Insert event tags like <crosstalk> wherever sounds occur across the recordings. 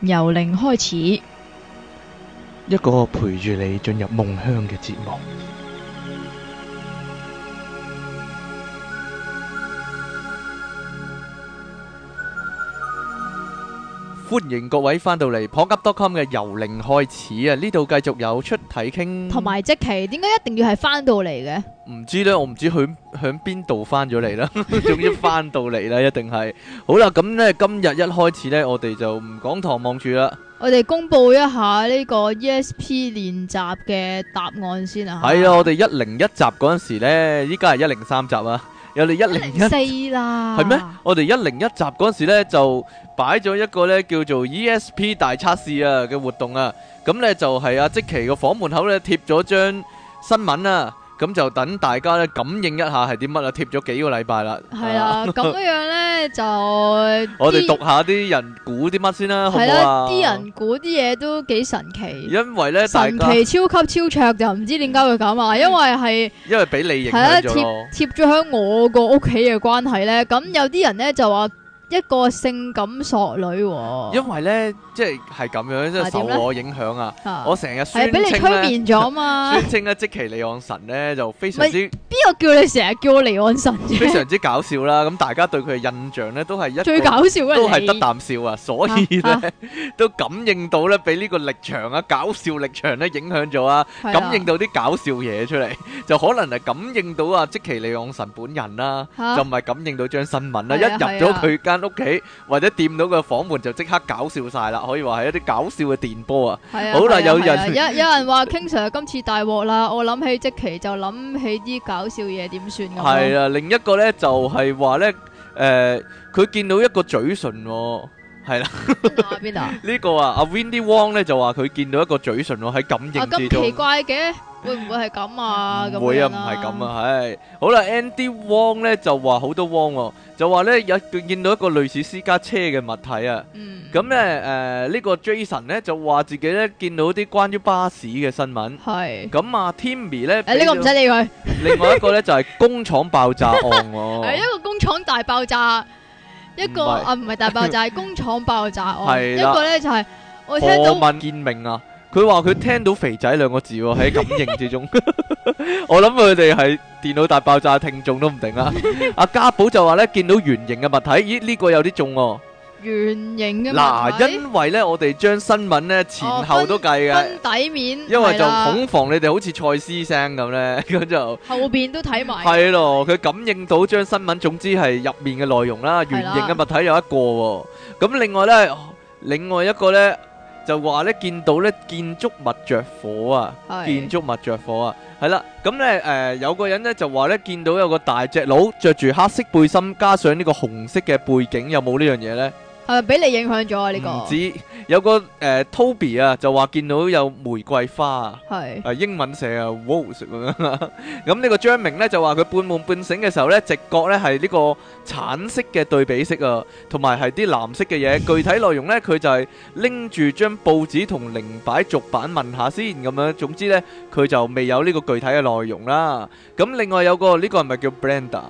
由零開始，一個陪住你進入夢鄉嘅節目。歡迎各位翻到嚟，龐吉 dotcom 嘅由零開始啊！呢度繼續有出體傾，同埋即期，點解一定要係翻到嚟嘅？唔知咧，我唔知佢響邊度翻咗嚟啦，總之翻到嚟啦，一定係。好啦，咁咧今日一開始咧，我哋就唔講唐望住啦。我哋公布一下呢個 E S P 練習嘅答案先啊。係啊，我哋一零一集嗰陣時咧，依家係一零三集啊。有你一零一。四啦。係咩？我哋一零一集嗰陣時咧，就擺咗一個咧叫做 E S P 大測試啊嘅活動啊。咁咧就係阿即其個房門口咧貼咗張新聞啊。咁就等大家咧感應一下係啲乜啦，貼咗幾個禮拜啦。係啦，咁樣咧就我哋讀下啲人估啲乜先啦，好唔好啊？係啦，啲人估啲嘢都幾神奇。因為咧，神奇超級超卓就唔知點解會咁啊！因為係因為俾你影。係啦，貼貼咗喺我個屋企嘅關係咧，咁有啲人咧就話。一個性感索女，因為咧即係係咁樣，即係受我影響啊！我成日係俾你催眠咗嘛。宣清咧，即其李岸神咧就非常之，邊個叫你成日叫我李岸神？非常之搞笑啦！咁大家對佢嘅印象咧都係一最搞笑嘅，都係得啖笑啊！所以咧都感應到咧，俾呢個力場啊，搞笑力場咧影響咗啊，感應到啲搞笑嘢出嚟，就可能係感應到啊，即其李岸神本人啦，就唔係感應到張新聞啦，一入咗佢間。屋企或者掂到個房門就即刻搞笑晒啦，可以話係一啲搞笑嘅電波啊。好啦，有人有有人話 King Sir 今次大鑊啦，我諗起即奇就諗起啲搞笑嘢點算咁。係啦，另一個咧就係話咧，誒，佢見到一個嘴唇喎，係啦，邊啊？呢個啊，阿 Windy Wong 咧就話佢見到一個嘴唇喎，喺感應之中。咁奇怪嘅。會唔會係咁啊？唔會啊，唔係咁啊，係、啊啊、好啦。Andy Wong 咧就話好多汪、啊、就話咧有見到一個類似私家車嘅物體啊。嗯。咁咧誒呢、啊這個 Jason 咧就話自己咧見到啲關於巴士嘅新聞。係、啊。咁啊 Timmy 咧。誒，呢個唔使理佢。另外一個咧就係工廠爆炸案、啊。係、 <laughs> 啊、一個工廠大爆炸。一個是啊，唔係大爆炸，係 <laughs> 工廠爆炸案。啊、一個咧就係、是。我聽到。文見明啊！佢話佢聽到肥仔兩個字喎，喺感應之中。我諗佢哋係電腦大爆炸聽眾都唔定啦。阿家寶就話呢，見到圓形嘅物體，咦？呢個有啲中喎。圓形嘅物體。嗱，因為呢，我哋將新聞呢前後都計嘅。底面。因為就恐防你哋好似蔡司聲咁呢，咁就後邊都睇埋。係咯，佢感應到張新聞，總之係入面嘅內容啦。圓形嘅物體有一個。咁另外呢，另外一個呢。就話咧，見到咧，建築物着火啊，建築物着火啊，係 Hey.、啊、啦，咁咧，誒有個人咧，就話咧，見到有個大隻佬着住黑色背心，加上呢個紅色嘅背景，有冇呢樣嘢咧？係咪俾你影響咗啊？呢個唔知有個誒、呃、Toby 啊，就話見到有玫瑰花係是、呃、英文寫啊 w o l d s 咁。咁、wow, 呢 <laughs> 個張明呢，就話佢半夢半醒嘅時候呢，直覺呢係呢個橙色嘅對比色啊，同埋係啲藍色嘅嘢。 <laughs> 具體內容呢，佢就係拎住張報紙同零擺逐版問下先咁樣。總之呢，佢就未有呢個具體嘅內容啦。咁另外有個呢、這個係咪叫 b r e n d a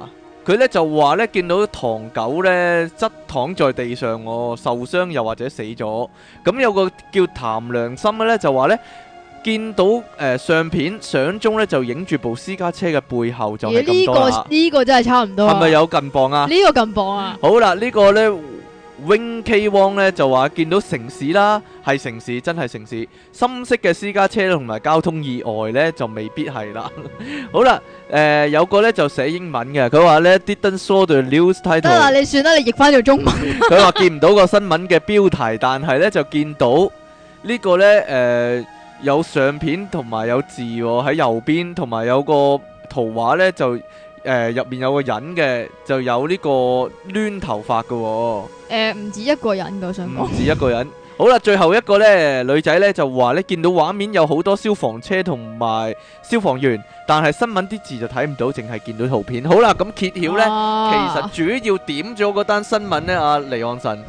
佢咧就話咧見到唐狗咧側躺在地上哦，受傷又或者死咗。咁有個叫譚良心嘅咧就話咧見到誒、呃、相片、相片中咧就影住部私家車嘅背後就係咁多啦呢、欸、呢個呢、呢個真係差唔多、啊。係咪有近磅啊？呢個近磅啊？ <laughs> 好啦，呢個、呢個咧。 <laughs> Wing K Wong 咧就話見到城市啦，係城市真係城市。深色嘅私家車同埋交通意外呢，就未必係啦。 <laughs> 好啦，誒、呃、有個呢就寫英文嘅，佢話呢：「Didn't saw the news title。得啦，你算啦，你譯翻做中文。佢 <laughs> 話見唔到個新聞嘅標題，但係呢就見到呢個呢，誒、呃、有相片同埋有字喺、哦、右邊，同埋有個圖畫呢就。誒，入面有個人嘅就有呢個攣頭髮嘅，誒，唔止一個人噶我想講唔止一個人。好啦，最後一個咧，女仔咧就話咧見到畫面有好多消防車同埋消防員，但係新聞啲字就睇唔到，淨係見到圖片。好啦，咁揭曉咧，其實主要點咗嗰單新聞咧，阿黎岸神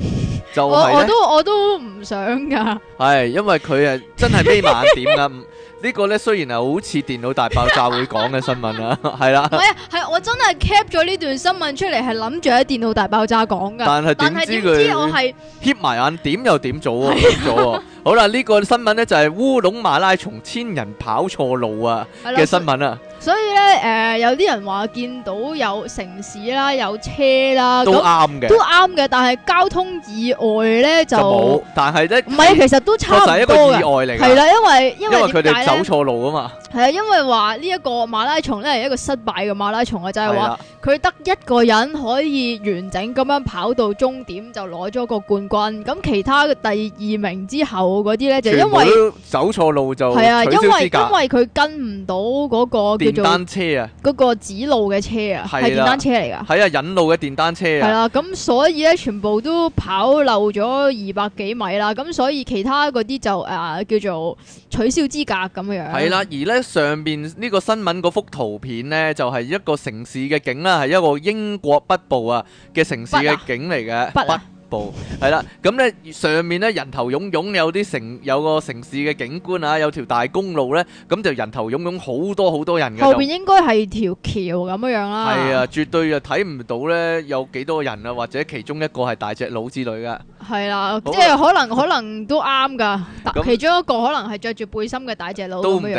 就係咧，我我都我都唔想噶係因為佢係真係眯埋眼點啦。呢個咧雖然係好似電腦大爆炸會講嘅新聞啦，係啦，係、啊，係我真係 cap 咗呢段新聞出嚟，係諗住喺電腦大爆炸講㗎，但係點知知我係 hit 埋眼，點又點做喎、啊？跌喎 <laughs> 是、啊啊！ <laughs> 好啦，呢、這個新聞咧就係烏龍馬拉松千人跑錯路啊嘅新聞啊。所以咧，誒、呃，有啲人話見到有城市啦，有車啦，都啱嘅，都啱嘅。但係交通意外咧就，就，但係咧，唔係，其實都差唔多，就係一個意外嚟，係啦，因為因為佢哋走錯路啊嘛。係啊，因為話呢一個馬拉松咧係一個失敗嘅馬拉松啊，就係話佢得一個人可以完整咁樣跑到終點就攞咗個冠軍，咁其他第二名之後啲咧就因為走錯路就係啊，因為因為佢跟唔到個叫單車啊，個指路嘅車啊係電單車嚟噶，係啊引路嘅電單車啊，係啦，咁所以咧全部都跑漏咗二百幾米啦，咁所以其他啲就誒、呃、叫做取消資格咁樣，係啦，而咧。上邊呢個新聞嗰幅圖片呢，就係、是、一個城市嘅景啦，係一個英國北部啊嘅城市嘅景嚟嘅。部係啦，咁咧上面咧人頭涌涌，有啲城有個城市嘅景觀啊，有條大公路咧，咁就人頭涌涌，好多好多人嘅。後邊應該係條橋咁樣啦。係啊，絕對呀睇唔到咧，有幾多人啊，或者其中一個係大隻佬之類嘅。係啦、啊，即係可能、啊、可能都啱㗎， <laughs> 其中一個可能係着住背心嘅大隻佬都唔定，因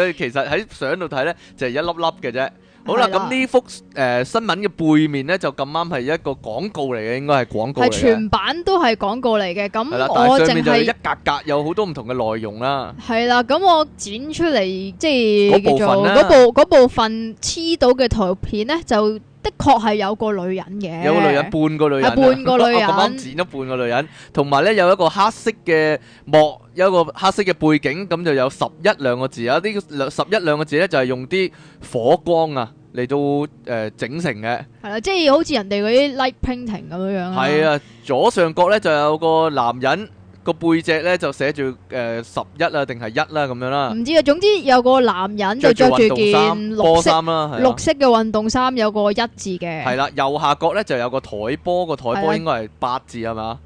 為樣 <laughs> 其實喺相度睇咧，就係、是、一粒粒嘅啫。好啦，咁呢啦幅誒、呃、新聞嘅背面咧，就咁啱係一個廣告嚟嘅，應該係廣告嚟。係全版都係廣告嚟嘅，咁啦我淨係一格格有好多唔同嘅內容啦。係啦，咁我剪出嚟即係嗰部嗰部分黐到嘅圖片咧就。的確係有個女人嘅，有個女人，半個女人，半個女人，咁啱剪咗半個女人，同埋咧有一個黑色嘅幕，有一個黑色嘅背景，咁就有十一兩個字啊！呢啲十一兩個字咧就係用啲火光啊嚟到誒整成嘅，係啦，即係好似人哋嗰啲 light painting 咁樣樣啦。係啊，左上角咧就有個男人。個背脊咧就寫住誒十一啊，定係一啦，咁樣啦。唔知啊，總之有個男人就着住件波衫啦，綠色嘅運動衫，有個一字嘅。係啦，右下角咧就有個台波，個台波應該係八字係咪的？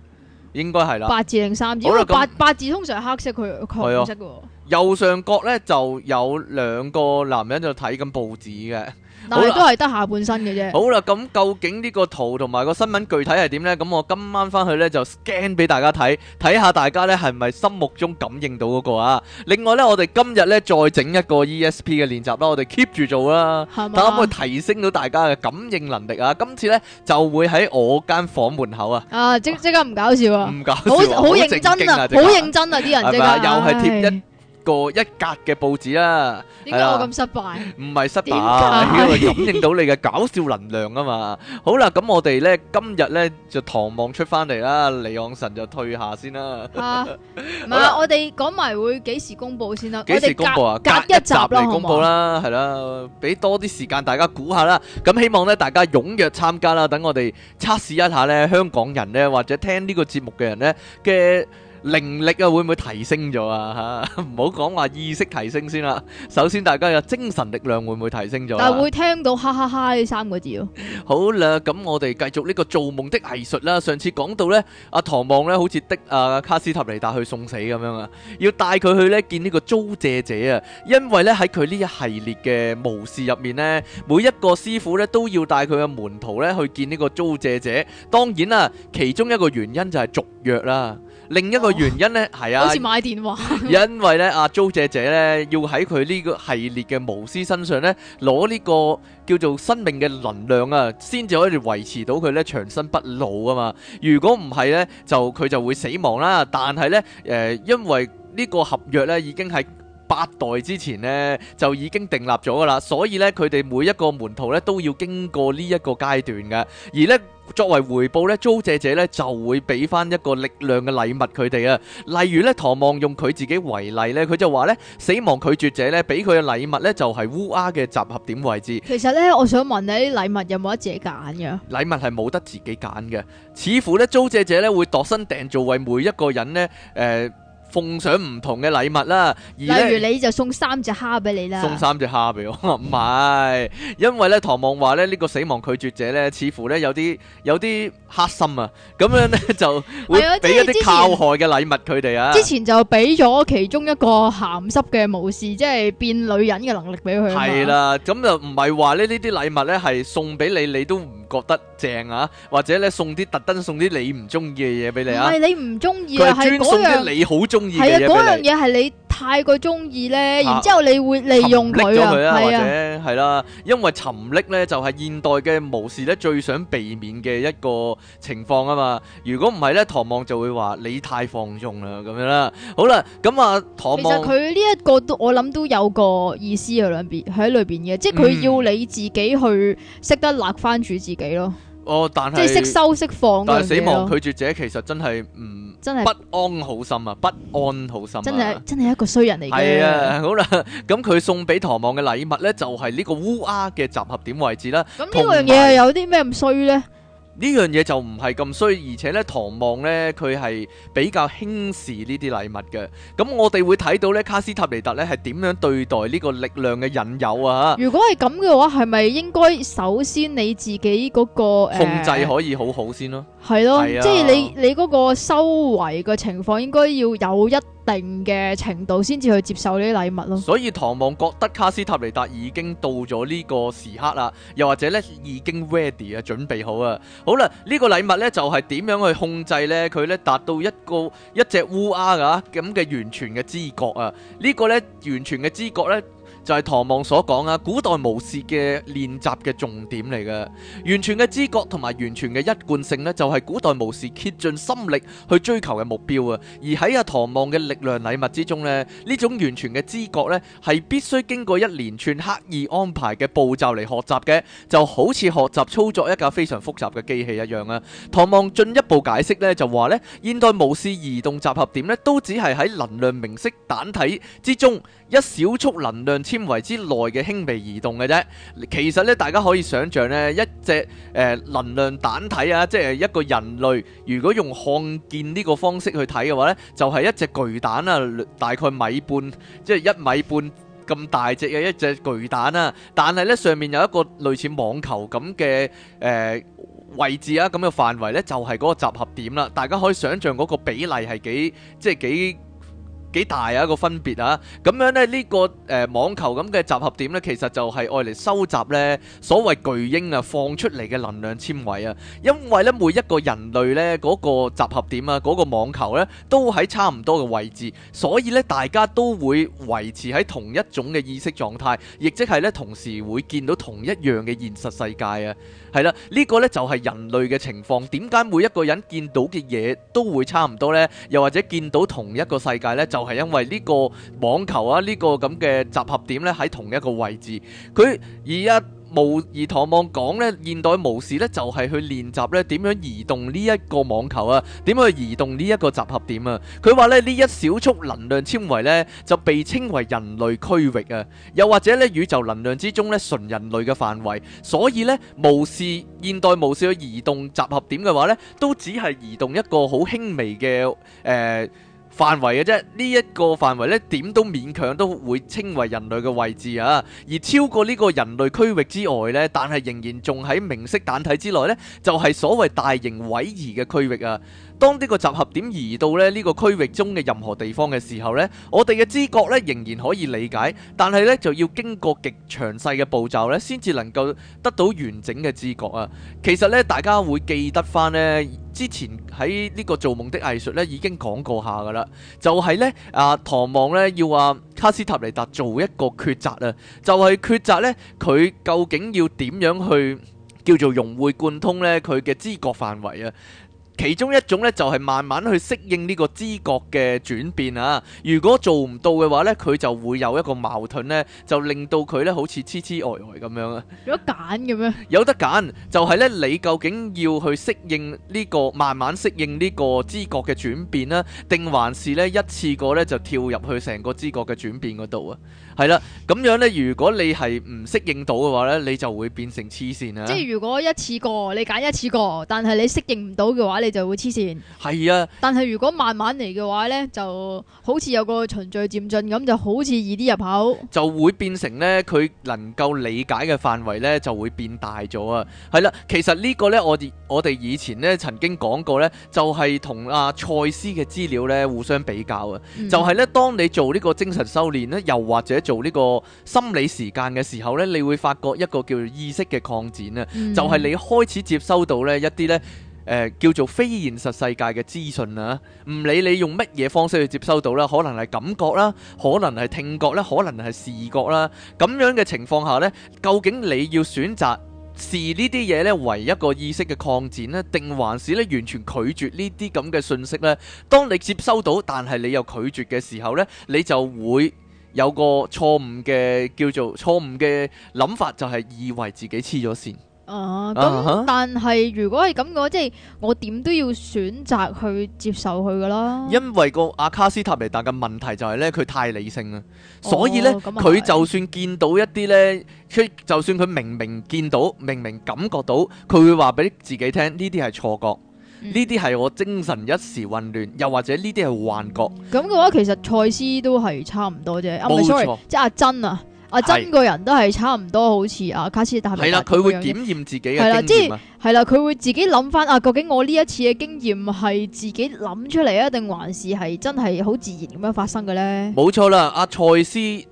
應該係啦，八字定三字？啦因為八那八字通常黑色，佢紅色嘅。右上角咧就有兩個男人就睇緊報紙嘅。嗱，都係得下半身嘅啫。好啦，咁究竟呢個圖同埋個新聞具體係點咧？咁我今晚翻去咧就 scan 俾大家睇，睇下大家咧係咪心目中感應到嗰個啊？另外咧，我哋今日咧再整一個 ESP 嘅練習啦，我哋 keep 住做啦，睇下可唔可以提升到大家嘅感應能力啊？今次咧就會喺我間房門口啊。啊，即即刻唔搞笑啊！唔搞笑，好認真啊，好認真啊，啲人即刻又係貼個一格嘅報紙啦，點解我咁失敗？唔係失敗，因為感應到你嘅搞笑能量啊嘛。好啦，咁我哋呢今日呢就唐望出翻嚟啦，李昂神就退下先啦。啊，唔係，我哋講埋會幾時公布先啦？我哋幾時公布？隔隔一集嚟公布啦，係啦，俾多啲時間大家估下啦。咁希望呢大家踴躍參加啦，等我哋測試一下呢香港人呢或者聽呢個節目嘅人呢嘅靈力啊，會唔會提升咗啊？嚇，唔好講話意識提升先啦。首先，大家嘅精神力量會唔會提升咗、啊？但係會聽到哈哈哈，哈三個字咯。 <laughs> 好啦，咁我哋繼續呢個做夢的藝術啦。上次講到呢，阿、啊、唐望呢好似的阿、啊、卡斯塔尼達去送死咁樣啊，要帶佢去呢見呢個租借者啊。因為呢，喺佢呢一系列嘅巫士入面呢，每一個師傅呢都要帶佢嘅門徒呢去見呢個租借者。當然啦、啊，其中一個原因就係續約啦。另一個原因呢，係、oh, 啊，好似買電話， <laughs> 因為呢，阿租借者呢，要喺佢呢個系列嘅巫師身上呢，攞呢個叫做生命嘅能量啊，先至可以維持到佢呢長生不老啊嘛。如果唔係呢，就佢就會死亡啦。但係呢，誒、呃，因為呢個合約呢，已經係，八代之前呢，就已經訂立咗噶啦，所以呢，佢哋每一個門徒呢，都要經過呢一個階段嘅。而呢，作為回報呢，租借者呢，就會俾翻一個力量嘅禮物佢哋啊。例如呢，唐望用佢自己為例呢，佢就話呢，死亡拒絕者呢，俾佢嘅禮物呢，就係、是、烏鴉嘅集合點位置。其實呢，我想問你，禮物有冇得自己揀嘅？禮物係冇得自己揀嘅，似乎呢，租借者呢，會度身訂做為每一個人呢。誒、呃。奉上唔同嘅禮物啦，例如你就送三隻蝦俾你啦，送三隻蝦俾我唔係， <laughs> 因為咧，唐望話咧呢個死亡拒絕者咧，似乎咧有啲有啲黑心啊，咁樣咧就會俾一啲靠害嘅禮物佢哋啊， <laughs> 啊之。之前就俾咗其中一個鹹濕嘅巫士，即係變女人嘅能力俾佢。係啦 <laughs> 啊，咁就唔係話咧呢啲禮物咧係送俾你，你都唔。覺得正啊，或者咧，送啲特登送啲你唔中意嘅嘢俾你啊，唔係你唔中意啊，係專登送啲你好中意嘅嘢。係啊，嗰樣嘢係你。太過中意咧，然之後你會利用佢啊，或者係啦，是啊，因為沉溺咧就係現代嘅模式咧最想避免嘅一個情況啊嘛。如果唔係咧，唐望就會話你太放縱啦咁樣啦。好啦，咁啊，唐望其實佢呢一個，我諗都有個意思喺兩邊喺裏邊嘅，即係佢要你自己去識得立翻住自己咯。哦，但係即係識收識放，但係死亡拒絕者其實真係唔、嗯、真係是不安好心啊，不安好心、啊真，真係真係一個衰人嚟嘅。係啊，好啦，咁佢送俾唐望嘅禮物咧，就係、是、呢個烏鴉嘅集合點位置啦。咁、嗯、有呢樣嘢有啲咩咁衰咧？呢樣嘢就唔係咁衰，而且咧，唐望咧佢係比較輕視呢啲禮物嘅。咁、嗯、我哋會睇到咧，卡斯塔尼特咧係點樣對待呢個力量嘅引誘啊？如果係咁嘅話，係咪應該首先你自己嗰、嗰個、呃、控制可以好好先咯？係咯、啊，啊、即係你你嗰個修為嘅情況應該要有一定嘅程度先至去接受呢啲禮物咯，所以唐望覺得卡斯塔尼達已經到咗呢個時刻啦，又或者呢已經 ready 啊，準備好啊，好啦，呢、這個禮物呢就係、是、點樣去控制呢？佢呢達到一個一隻烏鴉啊咁嘅完全嘅知覺啊，呢、這個呢，完全嘅知覺呢。就係唐望所講啊，古代巫士嘅練習嘅重點嚟嘅，完全嘅知覺同埋完全嘅一貫性咧，就係古代巫士竭盡心力去追求嘅目標啊。而喺阿唐望嘅力量禮物之中咧，呢種完全嘅知覺咧，係必須經過一連串刻意安排嘅步驟嚟學習嘅，就好似學習操作一架非常複雜嘅機器一樣啊。唐望進一步解釋咧，就話咧，現代巫士移動集合點咧，都只係喺能量明晰蛋體之中一小束能量纖維之內嘅輕微移動嘅啫，其實咧，大家可以想象咧，一隻誒能量蛋體啊，即係一個人類，如果用看見呢個方式去睇嘅話咧，就係一隻巨蛋啊，大概米半，即係一米半咁大隻嘅一隻巨蛋啊，但係咧上面有一個類似網球咁嘅誒位置啊，咁嘅範圍咧，就係嗰個集合點啦。大家可以想象嗰個比例係幾，即係幾。幾大啊個分別啊！咁樣咧呢個誒網球咁嘅集合點咧，其實就係愛嚟收集咧所謂巨鷹啊放出嚟嘅能量纖維啊，因為咧每一個人類咧，嗰個集合點啊，嗰個網球咧都喺差唔多嘅位置，所以咧大家都會維持喺同一種嘅意識狀態，亦即係咧同時會見到同一樣嘅現實世界啊！係啦，呢個呢就係人類嘅情況。點解每一個人見到嘅嘢都會差唔多呢？又或者見到同一個世界呢？就係因為呢個網球啊，呢個咁嘅集合點呢，喺同一個位置。佢而一、啊。無而唐望講咧，現代模式咧就係去練習咧點樣移動呢一個網球啊，點樣去移動呢一個集合點啊。佢話咧，呢一小束能量纖維咧就被稱為人類區域啊，又或者咧，宇宙能量之中咧純人類嘅範圍，所以咧，模式現代模式去移動集合點嘅話咧，都只係移動一個好輕微嘅誒。範圍嘅啫，這個、範圍呢一個範圍呢點都勉強都會稱為人類嘅位置啊！而超過呢個人類區域之外呢，但係仍然仲喺明晰蛋體之內呢，就係、是、所謂大型蟻兒嘅區域啊！當呢個集合點移到咧呢個區域中嘅任何地方嘅時候呢，我哋嘅知覺咧仍然可以理解，但係呢就要經過極詳細嘅步驟呢先至能夠得到完整嘅知覺啊。其實呢，大家會記得翻呢之前喺呢個做夢的藝術咧已經講過下噶啦，就係呢啊，唐望呢要話卡斯塔尼達做一個抉擇啊，就係、係、抉擇呢，佢究竟要點樣去叫做融會貫通呢佢嘅知覺範圍啊。其中一種咧，就係慢慢去適應呢個知覺嘅轉變啊！如果做唔到嘅話咧，佢就會有一個矛盾咧，就令到佢咧好似痴痴呆呆咁樣啊！有得揀嘅咩？有得揀，就係咧你究竟要去適應呢個，慢慢適應呢個知覺嘅轉變啦，定還是咧一次過咧就跳入去成個知覺嘅轉變嗰度啊？係啦，咁樣咧，如果你係唔適應到嘅話咧，你就會變成黐線啊！即係如果一次過你揀一次過，但係你適應唔到嘅話，你就會黐線，係啊！但係如果慢慢嚟嘅話咧，就好似有個循序漸進咁，就好似易啲入口就，就會變成咧，佢能夠理解嘅範圍咧就會變大咗啊！係啦，其實個呢個咧，我哋我哋以前咧曾經講過咧，就係同阿賽斯嘅資料咧互相比較啊，嗯、就係咧，當你做呢個精神修煉咧，又或者做呢個心理時間嘅時候呢，你會發覺一個叫做意識嘅擴展啊，嗯、就係你開始接收到呢一啲呢誒叫做非現實世界嘅資訊啊。唔理你用乜嘢方式去接收到啦，可能係感覺啦，可能係聽覺咧，可能係視覺啦。咁樣嘅情況下呢，究竟你要選擇視呢啲嘢呢為一個意識嘅擴展呢？定還是呢完全拒絕呢啲咁嘅信息呢？當你接收到，但係你又拒絕嘅時候呢，你就會。有個錯誤嘅叫做錯誤嘅諗法，就係、是、以為自己黐咗線。哦、啊，咁、uh huh. 但係如果係咁嘅話，即係我點都要選擇去接受佢噶啦。因為個阿卡斯塔尼達嘅問題就係咧，佢太理性啦，oh, 所以咧佢就算見到一啲咧，即係就算佢明明見到、明明感覺到，佢會話俾自己聽呢啲係錯覺。呢啲係我精神一時混亂，又或者呢啲係幻覺。咁嘅話，其實賽斯都係差唔多啫。錯啊，唔係錯，即係阿珍啊，是阿珍個人都係差唔多，好似阿卡斯塔。係啦、啊，佢會檢驗自己嘅經驗啊。係啦、啊，佢、就是啊、會自己諗翻啊，究竟我呢一次嘅經驗係自己諗出嚟啊，定還是係真係好自然咁樣發生嘅咧？冇錯啦，阿賽斯，即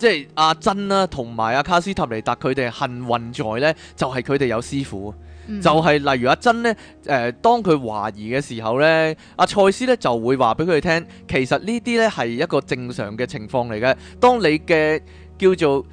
係阿珍啦，同埋阿卡斯塔尼達，佢哋幸運在咧，就係佢哋有師傅。就係例如阿珍咧，誒、呃、當佢懷疑嘅時候咧，阿蔡司咧就會話俾佢聽，其實呢啲咧係一個正常嘅情況嚟嘅。當你嘅叫做。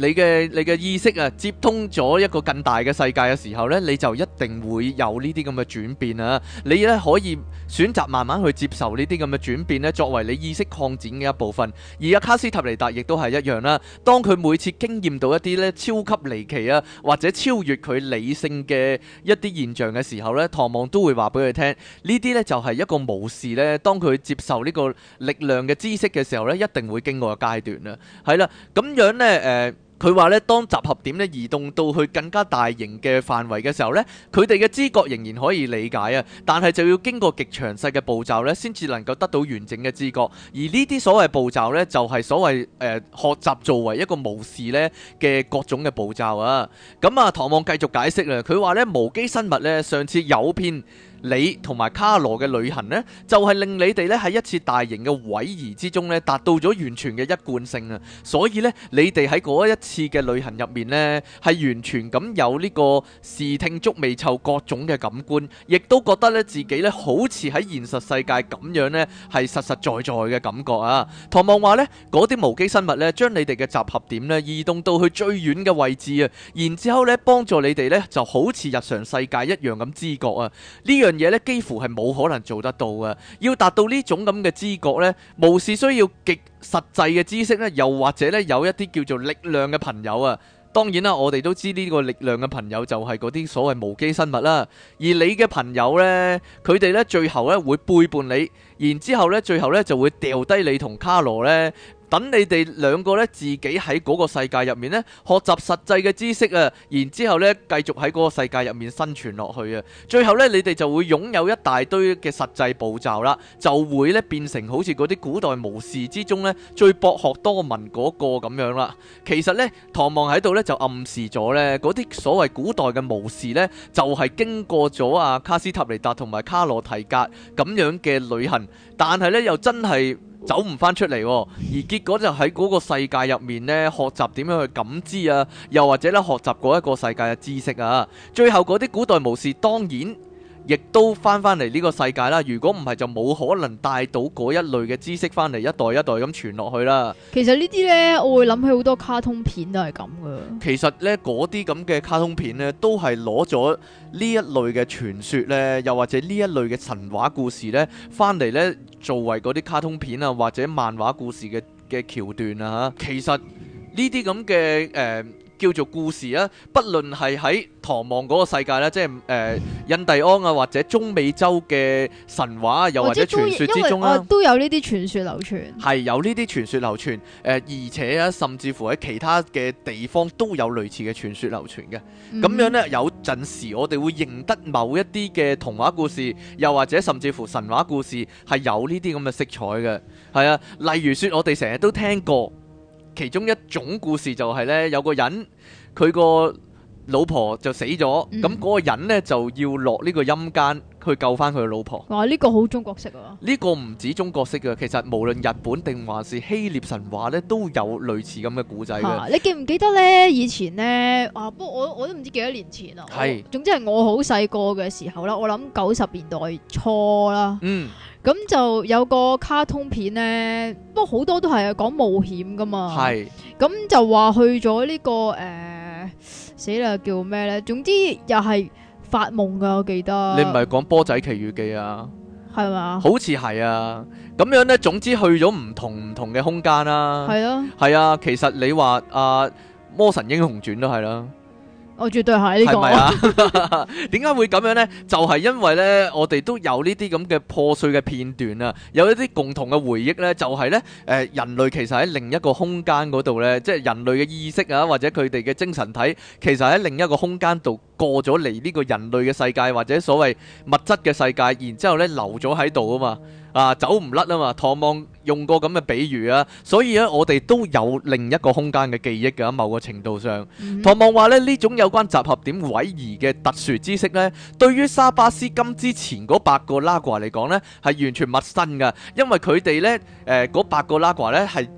你嘅你嘅意識啊，接通咗一個更大嘅世界嘅時候呢，你就一定會有呢啲咁嘅轉變啊！你呢，可以選擇慢慢去接受呢啲咁嘅轉變呢、啊，作為你意識擴展嘅一部分。而阿卡斯塔尼達亦都係一樣啦、啊。當佢每次經驗到一啲呢超級離奇啊，或者超越佢理性嘅一啲現象嘅時候呢，唐望都會話俾佢聽，呢啲呢，就係、是、一個模式呢，當佢接受呢個力量嘅知識嘅時候呢，一定會經過嘅階段啦、啊。係啦、啊，咁樣呢。誒、呃。佢話咧，當集合點咧移動到去更加大型嘅範圍嘅時候咧，佢哋嘅知覺仍然可以理解啊，但係就要經過極詳細嘅步驟咧，先至能夠得到完整嘅知覺。而呢啲所謂步驟咧，就係所謂誒、呃、學習作為一個巫士咧嘅各種嘅步驟啊。咁啊，唐望繼續解釋啦。佢話咧，無機生物咧，上次有篇。你同埋卡羅嘅旅行咧，就係、是、令你哋咧喺一次大型嘅位移之中咧，達到咗完全嘅一貫性啊！所以咧，你哋喺嗰一次嘅旅行入面咧，係完全咁有呢個視聽觸味嗅各種嘅感官，亦都覺得咧自己咧好似喺現實世界咁樣咧，係實實在在嘅感覺啊！唐望話咧，啲無機生物咧，將你哋嘅集合點咧移動到去最遠嘅位置啊，然之後咧幫助你哋咧就好似日常世界一樣咁知覺啊！呢樣。樣嘢咧，幾乎係冇可能做得到噶。要達到呢種咁嘅知覺咧，無視需要極實際嘅知識咧，又或者咧有一啲叫做力量嘅朋友啊。當然啦，我哋都知呢個力量嘅朋友就係嗰啲所謂無機生物啦。而你嘅朋友咧，佢哋咧最後咧會背叛你，然之後咧最後咧就會掉低你同卡羅咧。等你哋兩個咧，自己喺嗰個世界入面咧，學習實際嘅知識啊，然之後咧，繼續喺嗰個世界入面生存落去啊。最後咧，你哋就會擁有一大堆嘅實際步驟啦，就會咧變成好似嗰啲古代巫師之中咧最博學多聞嗰個咁樣啦。其實咧，唐望喺度咧就暗示咗咧，嗰啲所謂古代嘅巫師咧，就係經過咗啊卡斯塔尼達同埋卡羅提格咁樣嘅旅行，但係咧又真係。走唔翻出嚟，而結果就喺嗰個世界入面呢，學習點樣去感知啊，又或者咧學習嗰一個世界嘅知識啊，最後嗰啲古代巫師當然。亦都翻翻嚟呢個世界啦，如果唔係就冇可能帶到嗰一類嘅知識翻嚟，一代一代咁傳落去啦。其實呢啲呢，我會諗起好多卡通片都係咁嘅。其實呢，嗰啲咁嘅卡通片呢，都係攞咗呢一類嘅傳說呢，又或者呢一類嘅神話故事呢翻嚟呢，作為嗰啲卡通片啊或者漫畫故事嘅嘅橋段啊。其實呢啲咁嘅誒。這叫做故事啊，不論係喺唐望嗰個世界咧，即係誒、呃、印第安啊或者中美洲嘅神話，又或者傳說之中啊都有呢啲傳說流傳。係有呢啲傳說流傳，誒、呃、而且啊，甚至乎喺其他嘅地方都有類似嘅傳說流傳嘅。咁樣咧，有陣時我哋會認得某一啲嘅童話故事，又或者甚至乎神話故事係有呢啲咁嘅色彩嘅。係啊，例如說，我哋成日都聽過。其中一種故事就係呢：有個人佢個老婆就死咗，咁嗰個人咧，就要落呢個陰間去救翻佢老婆。哇！呢個好中國式啊！呢個唔止中國式嘅，其實無論日本定還是希臘神話咧，都有類似咁嘅古仔嘅。你記唔記得咧？以前咧，啊，不過我我都唔知幾多年前啊。係。總之係我好細個嘅時候啦，我諗九十年代初啦。嗯。咁就有個卡通片咧，不過好多都係講冒險噶嘛。係。咁就話去咗呢個誒。死啦！叫咩咧？總之又係發夢噶，我記得。你唔係講《波仔奇遇記》啊？係嘛吧？好似係啊。咁樣咧，總之去咗唔同唔同嘅空間啦，啊。係咯。係啊，其實你話《啊魔神英雄傳，啊》都係啦。我絕對係呢個，點解會咁樣呢？就係因為呢，我哋都有呢啲咁嘅破碎嘅片段啊，有一啲共同嘅回憶呢，就係呢，誒人類其實喺另一個空間嗰度呢，即係人類嘅意識啊，或者佢哋嘅精神體，其實喺另一個空間度過咗嚟呢個人類嘅世界或者所謂物質嘅世界，然之後呢留咗喺度啊嘛，啊走唔甩啊嘛，唐望。用過咁嘅比喻啊，所以咧、啊、我哋都有另一個空間嘅記憶嘅、啊，某個程度上，唐、mm hmm. 望話咧呢種有關集合點位移嘅特殊知識咧，對於沙巴斯金之前嗰八個拉瓜嚟講咧，係完全陌生嘅，因為佢哋咧誒嗰八個拉瓜咧係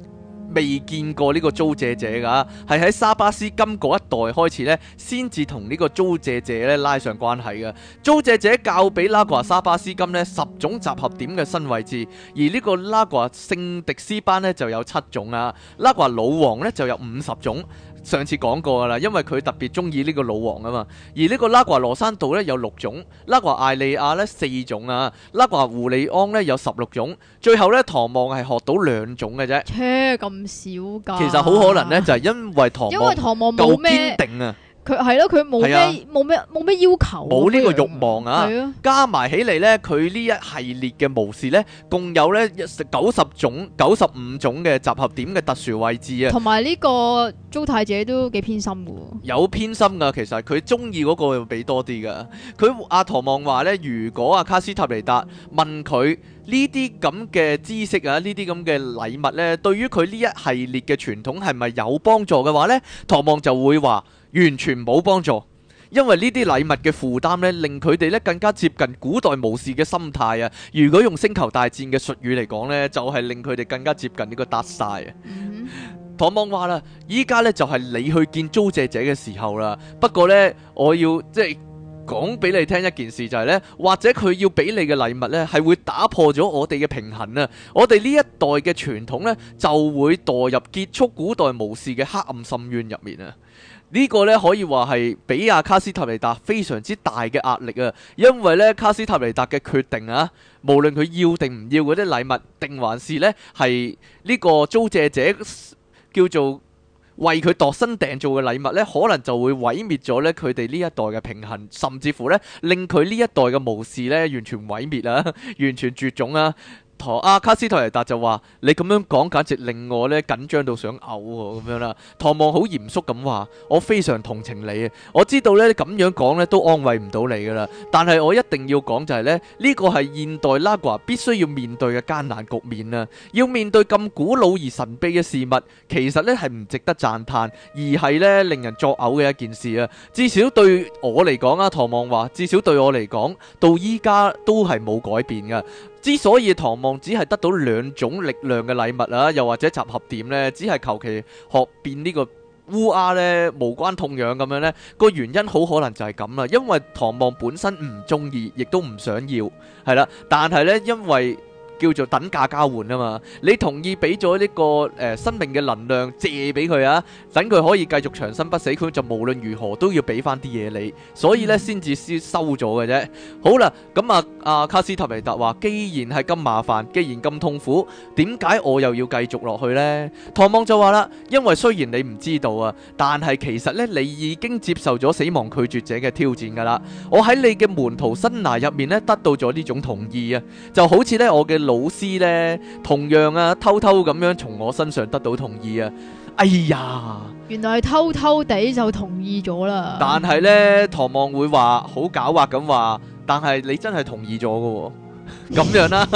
未見過呢個租借者㗎，係喺沙巴斯金嗰一代開始咧，先至同呢個租借者咧拉上關係嘅。租借者教俾拉瓜沙巴斯金咧十種集合點嘅新位置，而呢個拉瓜聖迪斯班咧就有七種啊，拉瓜老王咧就有五十種。上次講過噶啦，因為佢特別中意呢個老王啊嘛。而呢個拉瓜羅山道咧有六種，拉瓜艾利亞咧四種啊，拉瓜胡里安咧有十六種。最後咧，唐望係學到兩種嘅啫，切咁少㗎。其實好可能咧，就係因為唐望唔夠堅定啊。佢係咯，佢冇咩冇咩冇咩要求，啊，冇呢個欲望啊！啊加埋起嚟呢，佢呢一系列嘅模式呢，共有咧九十種、九十五種嘅集合點嘅特殊位置啊！同埋呢個租太者都幾偏心噶，有偏心噶，其實佢中意嗰個會俾多啲噶。佢阿唐望話呢，如果阿卡斯塔尼達問佢。呢啲咁嘅知識啊，呢啲咁嘅禮物呢，對於佢呢一系列嘅傳統係咪有幫助嘅話呢，唐望就會話完全冇幫助，因為呢啲禮物嘅負擔呢，令佢哋呢更加接近古代武士嘅心態啊。如果用星球大戰嘅術語嚟講呢，就係、是、令佢哋更加接近呢個達晒啊。Mm hmm. 唐望話啦，依家呢就係你去見租借者嘅時候啦，不過呢，我要即係。講俾你聽一件事就係、是、呢：或者佢要俾你嘅禮物呢，係會打破咗我哋嘅平衡啊！我哋呢一代嘅傳統呢，就會墮入結束古代模式嘅黑暗深淵入面啊！呢、這個呢，可以話係俾亞卡斯塔尼達非常之大嘅壓力啊！因為呢，卡斯塔尼達嘅決定啊，無論佢要定唔要嗰啲禮物，定還是呢，係呢個租借者叫做。為佢度身訂造嘅禮物咧，可能就會毀滅咗咧佢哋呢一代嘅平衡，甚至乎咧令佢呢一代嘅巫師咧完全毀滅啊，完全絕種啊！阿、啊、卡斯托尼達就話：你咁樣講，簡直令我咧緊張到想嘔咁樣啦。唐望好嚴肅咁話：我非常同情你啊！我知道咧咁樣講咧都安慰唔到你噶啦，但係我一定要講就係咧呢個係現代拉瓜必須要面對嘅艱難局面啊！要面對咁古老而神秘嘅事物，其實咧係唔值得讚嘆，而係咧令人作嘔嘅一件事啊！至少對我嚟講、啊，阿唐望話，至少對我嚟講，到依家都係冇改變噶。之所以唐望只係得到兩種力量嘅禮物啊，又或者集合點咧，只係求其學變呢個烏鴉咧無關痛癢咁樣呢個原因好可能就係咁啦，因為唐望本身唔鍾意，亦都唔想要係啦，但係呢，因為。叫做等價交換啊嘛，你同意俾咗呢個誒生命嘅能量借俾佢啊，等佢可以繼續長生不死，佢就無論如何都要俾翻啲嘢你，所以咧先至收收咗嘅啫。好啦，咁啊阿卡斯特尼達話，既然係咁麻煩，既然咁痛苦，點解我又要繼續落去咧？唐望就話啦，因為雖然你唔知道啊，但係其實咧你已經接受咗死亡拒絕者嘅挑戰噶啦，我喺你嘅門徒生涯入面咧得到咗呢種同意啊，就好似咧我嘅。老師呢，同樣啊，偷偷咁樣從我身上得到同意啊！哎呀，原來係偷偷地就同意咗啦。但係呢，唐望會話好狡猾咁話，但係你真係同意咗㗎喎。咁 <laughs> 樣啦，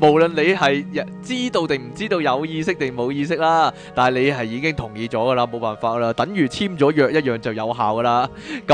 無論你係知道定唔知道，有意識定冇意識啦，但係你係已經同意咗噶啦，冇辦法啦，等於簽咗約一樣就有效噶啦。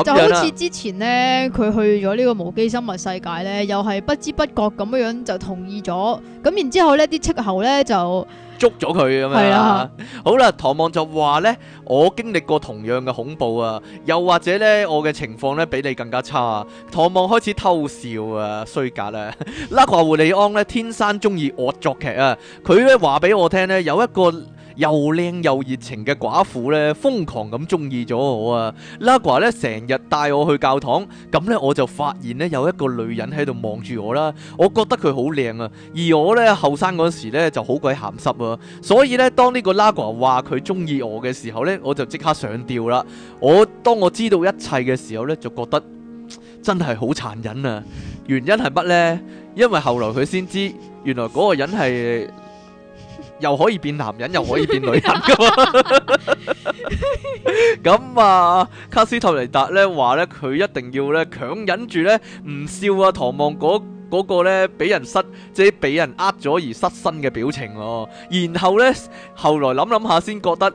就好似之前呢，佢去咗呢個無機生物世界呢，又係不知不覺咁樣就同意咗，咁然之後呢啲斥候呢，呢就。捉咗佢咁啊！ <laughs> 好啦，唐望就話呢：「我經歷過同樣嘅恐怖啊，又或者呢，我嘅情況呢，比你更加差。」唐望開始偷笑啊，衰格啦！ <laughs> 拉華胡利安呢，天生中意惡作劇啊，佢呢話俾我聽呢，有一個。又靚又熱情嘅寡婦呢，瘋狂咁中意咗我啊！拉瓜呢，成日帶我去教堂，咁呢，我就發現呢，有一個女人喺度望住我啦，我覺得佢好靚啊，而我呢，後生嗰時呢，就好鬼鹹濕啊，所以呢，當呢個拉瓜話佢中意我嘅時候呢，我就即刻上吊啦。我當我知道一切嘅時候呢，就覺得真係好殘忍啊！原因係乜呢？因為後來佢先知，原來嗰個人係。又可以變男人，又可以變女人噶嘛？咁 <laughs> <laughs> 啊，卡斯托尼達咧話咧，佢一定要咧強忍住咧唔笑啊，唐望嗰嗰個咧俾人失，即係俾人呃咗而失身嘅表情咯。然後咧，後來諗諗下先覺得。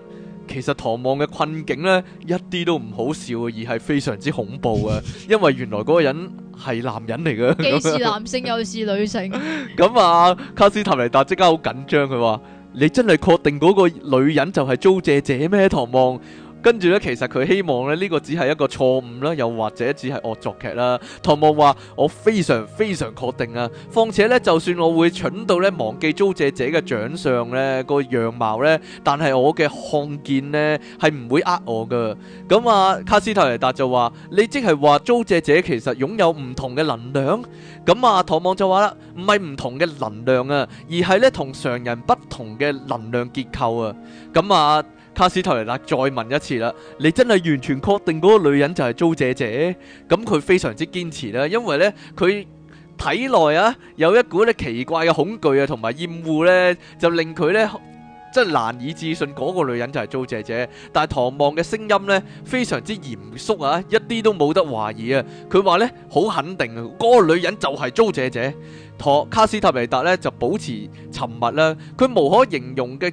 其實唐望嘅困境呢，一啲都唔好笑，而係非常之恐怖啊！ <laughs> 因為原來嗰個人係男人嚟嘅， <laughs> <laughs> 既是男性 <laughs> 又是女性。咁 <laughs> 啊，卡斯塔尼達即刻好緊張，佢話：你真係確定嗰個女人就係租借者咩？唐望。跟住咧，其實佢希望咧呢個只係一個錯誤啦，又或者只係惡作劇啦。唐望話：我非常非常確定啊！況且咧，就算我會蠢到咧忘記租借者嘅長相咧個樣貌咧，但係我嘅看見咧係唔會呃我㗎。咁啊，卡斯特雷達就話：你即係話租借者其實擁有唔同嘅能量？咁啊，唐望就話啦：唔係唔同嘅能量啊，而係咧同常人不同嘅能量結構啊。咁啊。卡斯塔尼達再問一次啦，你真係完全確定嗰個女人就係租借者？咁佢非常之堅持啦，因為咧佢體內啊有一股咧奇怪嘅恐懼啊同埋厭惡咧，就令佢咧真係難以置信嗰個女人就係租借者。但係唐望嘅聲音咧非常之嚴肅啊，一啲都冇得懷疑啊，佢話咧好肯定啊，嗰個女人就係租借者。唐卡斯塔尼達咧就保持沉默啦，佢無可形容嘅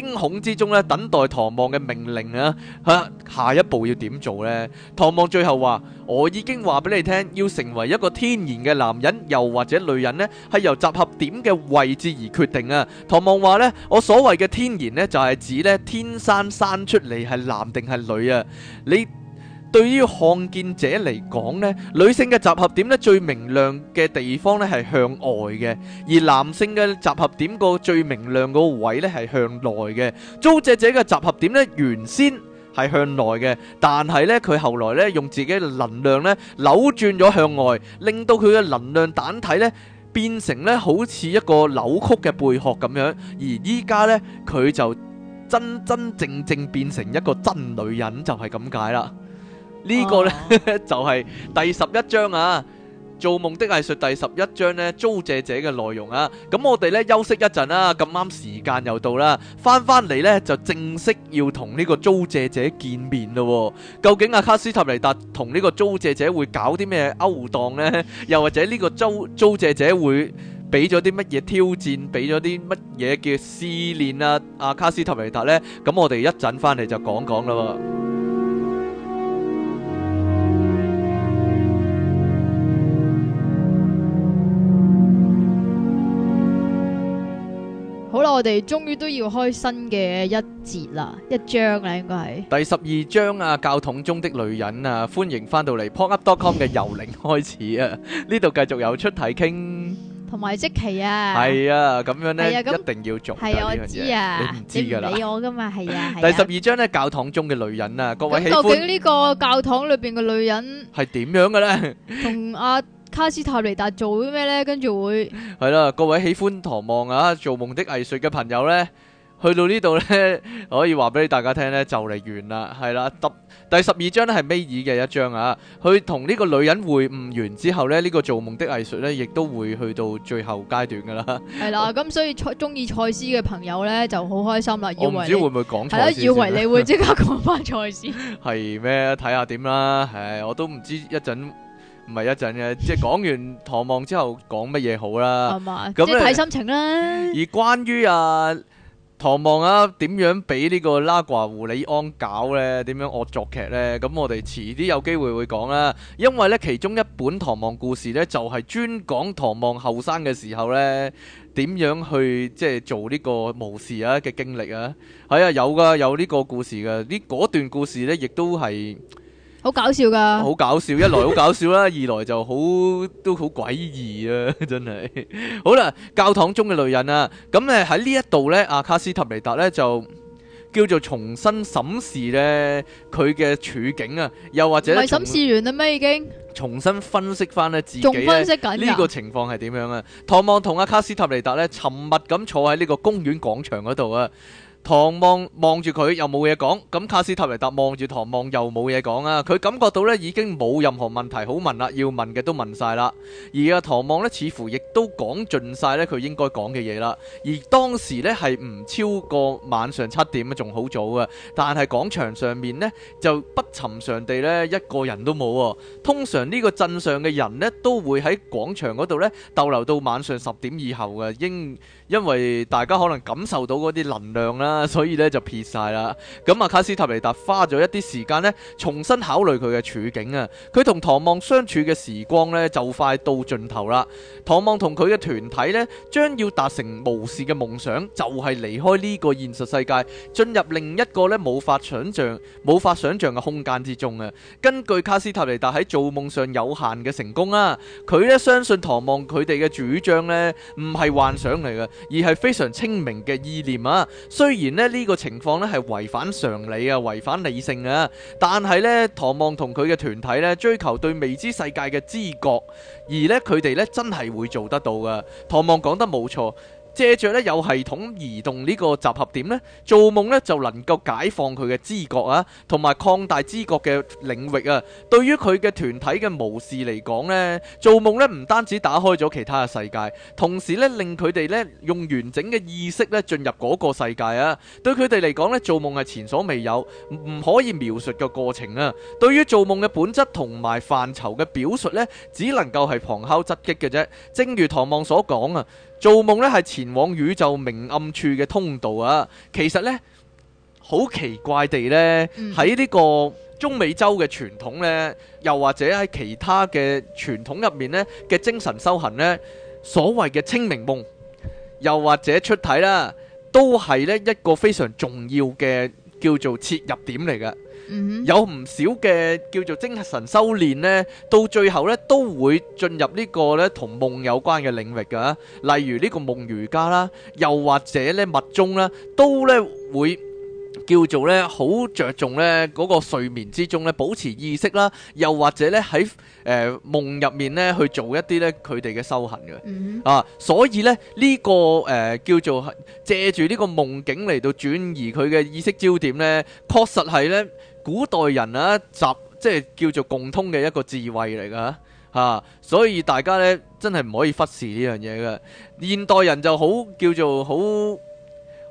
驚恐之中咧，等待唐望嘅命令啊，吓下一步要點做呢？唐望最後話：我已經話俾你聽，要成為一個天然嘅男人，又或者女人咧，係由集合點嘅位置而決定啊。唐望話呢：我所謂嘅天然呢，就係指呢天生生出嚟係男定係女啊，你。對於看見者嚟講咧，女性嘅集合點咧，最明亮嘅地方咧，係向外嘅，而男性嘅集合點個最明亮個位咧，係向內嘅。租借者嘅集合點咧，原先係向內嘅，但係咧佢後來咧用自己嘅能量咧扭轉咗向外，令到佢嘅能量蛋體咧變成咧好似一個扭曲嘅貝殼咁樣。而依家咧佢就真真正正變成一個真女人，就係咁解啦。呢個呢，oh. <laughs> 就係第十一章啊！《做夢的藝術》第十一章呢，租借者嘅內容啊！咁我哋呢，休息一陣啦，咁啱時間又到啦，翻翻嚟呢，就正式要同呢個租借者見面咯，啊。究竟阿卡斯塔尼達同呢個租借者會搞啲咩勾當呢？又或者呢個租租借者會俾咗啲乜嘢挑戰，俾咗啲乜嘢嘅思念啊？阿卡斯塔尼達呢，咁我哋一陣翻嚟就講講啦。我哋終於都要開新嘅一節啦，一章啦，應該係第十二章啊！教堂中的女人啊，歡迎翻到嚟 popup.com 嘅由零開始啊！呢度繼續有出題傾，同埋積奇啊，係啊，咁樣咧一定要做，係啊，我知啊，你唔知噶啦，俾我噶嘛，係啊，係。第十二章咧，教堂中嘅女人啊，各位喜歡。咁究竟呢個教堂裏邊嘅女人係點樣嘅咧？同啊。卡斯塔尼達做啲咩咧？跟住會係啦，各位喜歡唐望啊，做夢的藝術嘅朋友咧，去到呢度咧，可以話俾大家聽咧，就嚟完啦，係啦，第第十二章咧係尾二嘅一章啊，佢同呢個女人會晤完之後咧，呢個做夢的藝術咧，亦都會去到最後階段噶啦，係啦，咁所以賽中意賽斯嘅朋友咧就好開心啦，以為我唔知會唔會講係咯，以為你會即刻講返賽斯，係咩？睇下點啦，誒，我都唔知一陣。唔係一陣嘅，即係講完唐望之後講乜嘢好啦，咁即係睇心情啦。而關於啊唐望啊點樣俾呢個拉瓜胡里安搞呢，點樣惡作劇呢，咁我哋遲啲有機會會講啦。因為呢其中一本唐望故事呢，就係專講唐望後生嘅時候呢點樣去即係做呢個無事啊嘅經歷啊。係啊，有噶有呢個故事嘅，呢嗰段故事呢亦都係。好搞笑噶！好搞笑，一來好搞笑啦， <laughs> 二來就好，都好詭異啊，真係。 <laughs> 好啦，教堂中嘅女人啊，咁咧喺呢一度呢，阿卡斯塔尼達呢，就叫做重新審視呢，佢嘅處境啊，又或者……係審視完啦咩？已經重新分析翻呢自己呢，仲分析緊呢個情況係點樣啊？唐望同阿卡斯塔尼達呢，沉默咁坐喺呢個公園廣場嗰度啊。唐望望住佢又冇嘢講，咁卡斯塔尼達望住唐望又冇嘢講啊！佢感覺到呢已經冇任何問題，好問啦，要問嘅都問晒啦。而阿唐望呢，似乎亦都講盡晒呢佢應該講嘅嘢啦。而當時呢，係唔超過晚上七點，仲好早啊。但係廣場上面呢，就不尋常地呢，一個人都冇喎。通常呢個鎮上嘅人咧，都會喺廣場嗰度咧逗留到晚上十點以後嘅，應因為大家可能感受到嗰啲能量啦，所以咧就撇晒啦。咁啊，卡斯塔尼達花咗一啲時間咧，重新考慮佢嘅處境啊。佢同唐望相處嘅時光咧，就快到盡頭啦。唐望同佢嘅團體咧，將要達成無視嘅夢想，就係離開呢個現實世界，進入另一個咧冇法想象、冇法想象嘅空間之中啊。根據卡斯塔尼達喺做夢上有限嘅成功啊！佢咧相信唐望佢哋嘅主張呢唔係幻想嚟嘅，而係非常清明嘅意念啊！雖然咧呢、呢個情況呢係違反常理啊，違反理性啊，但係呢，唐望同佢嘅團體呢追求對未知世界嘅知覺，而呢，佢哋呢真係會做得到嘅。唐望講得冇錯。借着咧有系統移動呢個集合點呢，做夢呢，就能夠解放佢嘅知覺啊，同埋擴大知覺嘅領域啊。對於佢嘅團體嘅模式嚟講呢，做夢呢，唔單止打開咗其他嘅世界，同時呢，令佢哋呢，用完整嘅意識呢，進入嗰個世界啊。對佢哋嚟講呢，做夢係前所未有，唔可以描述嘅過程啊。對於做夢嘅本質同埋範疇嘅表述呢，只能夠係旁敲側擊嘅啫。正如唐望所講啊。做夢呢係前往宇宙明暗處嘅通道啊！其實呢，好奇怪地呢，喺呢個中美洲嘅傳統呢，又或者喺其他嘅傳統入面呢，嘅精神修行呢，所謂嘅清明夢，又或者出體啦，都係呢一個非常重要嘅叫做切入點嚟嘅。有唔少嘅叫做精神修煉咧，到最後咧都會進入呢個咧同夢有關嘅領域噶，例如呢個夢瑜伽啦，又或者咧密宗啦，都咧會叫做咧好着重咧嗰個睡眠之中咧保持意識啦，又或者咧喺誒夢入面咧去做一啲咧佢哋嘅修行嘅啊，所以咧呢個誒叫做借住呢個夢境嚟到轉移佢嘅意識焦點咧，確實係咧。古代人啊，集即係叫做共通嘅一個智慧嚟㗎嚇，所以大家咧真係唔可以忽視呢樣嘢嘅。現代人就好，叫做好。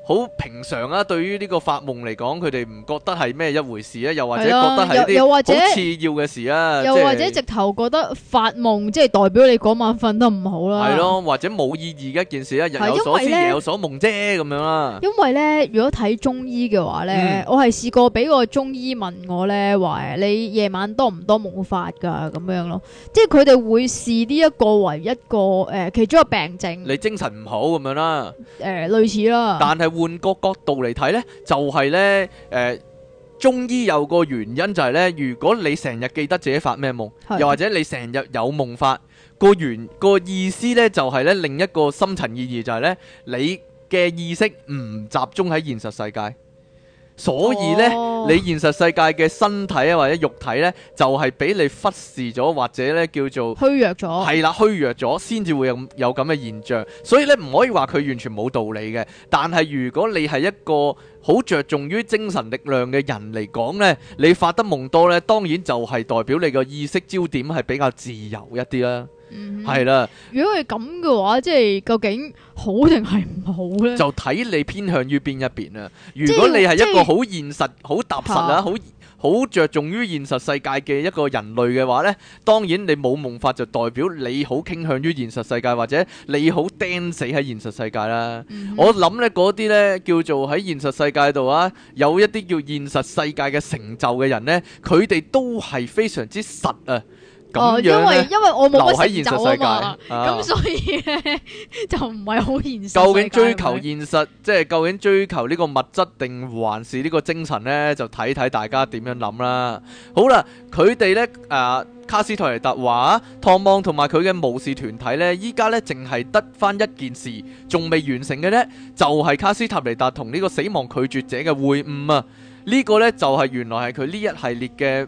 好平常啊！對於呢個發夢嚟講，佢哋唔覺得係咩一回事啊，又或者覺得係啲好次要嘅事啊，又或者，就是、又或者直頭覺得發夢即係代表你嗰晚瞓得唔好啦，啊。係咯、啊，或者冇意義嘅一件事啊，日有所思夜、啊、有所夢啫咁樣啦。因為咧，如果睇中醫嘅話咧，嗯、我係試過俾個中醫問我咧話你夜晚多唔多夢發㗎咁樣咯？即係佢哋會視呢一個為一個誒、呃、其中一個病症。你精神唔好咁樣啦，啊。誒、呃，類似啦。但係。換個角度嚟睇呢，就係呢，誒，中醫有個原因就係呢，如果你成日記得自己發咩夢，又或者你成日有夢發，個原個意思呢，就係呢，另一個深層意義就係呢，你嘅意識唔集中喺現實世界。所以呢，你現實世界嘅身體啊或者肉體呢，就係、是、俾你忽視咗或者呢叫做虛弱咗，係啦，虛弱咗先至會有有咁嘅現象。所以呢，唔可以話佢完全冇道理嘅。但係如果你係一個好着重於精神力量嘅人嚟講呢，你發得夢多呢，當然就係代表你個意識焦點係比較自由一啲啦。係啦，嗯、如果係咁嘅話， <laughs> 即係是究竟好定係唔好呢？就睇你偏向於邊一邊啦。如果你係一個好現實、好是踏實是啊、好好着重於現實世界嘅一個人類嘅話呢，當然你冇夢法就代表你好傾向於現實世界，或者你好釘死喺現實世界啦。嗯嗯，我諗咧，嗰啲呢，叫做喺現實世界度啊，有一啲叫現實世界嘅成就嘅人呢，佢哋都係非常之實啊。因為因為我冇乜成就啊嘛，咁、啊、所以 <laughs> 就唔係好現實。究竟追求現實，即係究竟追求呢個物質定還是呢個精神呢？就睇睇大家點樣諗啦。好啦，佢哋呢，誒、啊，卡斯塔尼達話，唐望同埋佢嘅巫師團體呢，依家呢淨係得翻一件事，仲未完成嘅咧，就係、是、卡斯塔尼達同呢個死亡拒絕者嘅會晤啊！呢、這個呢，就係、是、原來係佢呢一系列嘅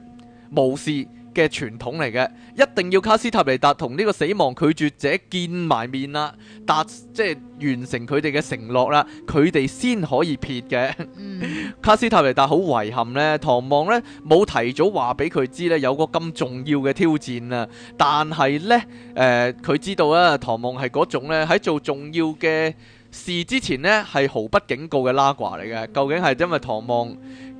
巫師。嘅傳統嚟嘅，一定要卡斯塔尼達同呢個死亡拒絕者見埋面啦，達即係完成佢哋嘅承諾啦，佢哋先可以撇嘅。嗯、卡斯塔尼達好遺憾呢，唐望呢冇提早話俾佢知呢有個咁重要嘅挑戰啊！但係呢，誒、呃、佢知道啊，唐望係嗰種呢喺做重要嘅事之前呢係毫不警告嘅拉呱嚟嘅。究竟係因為唐望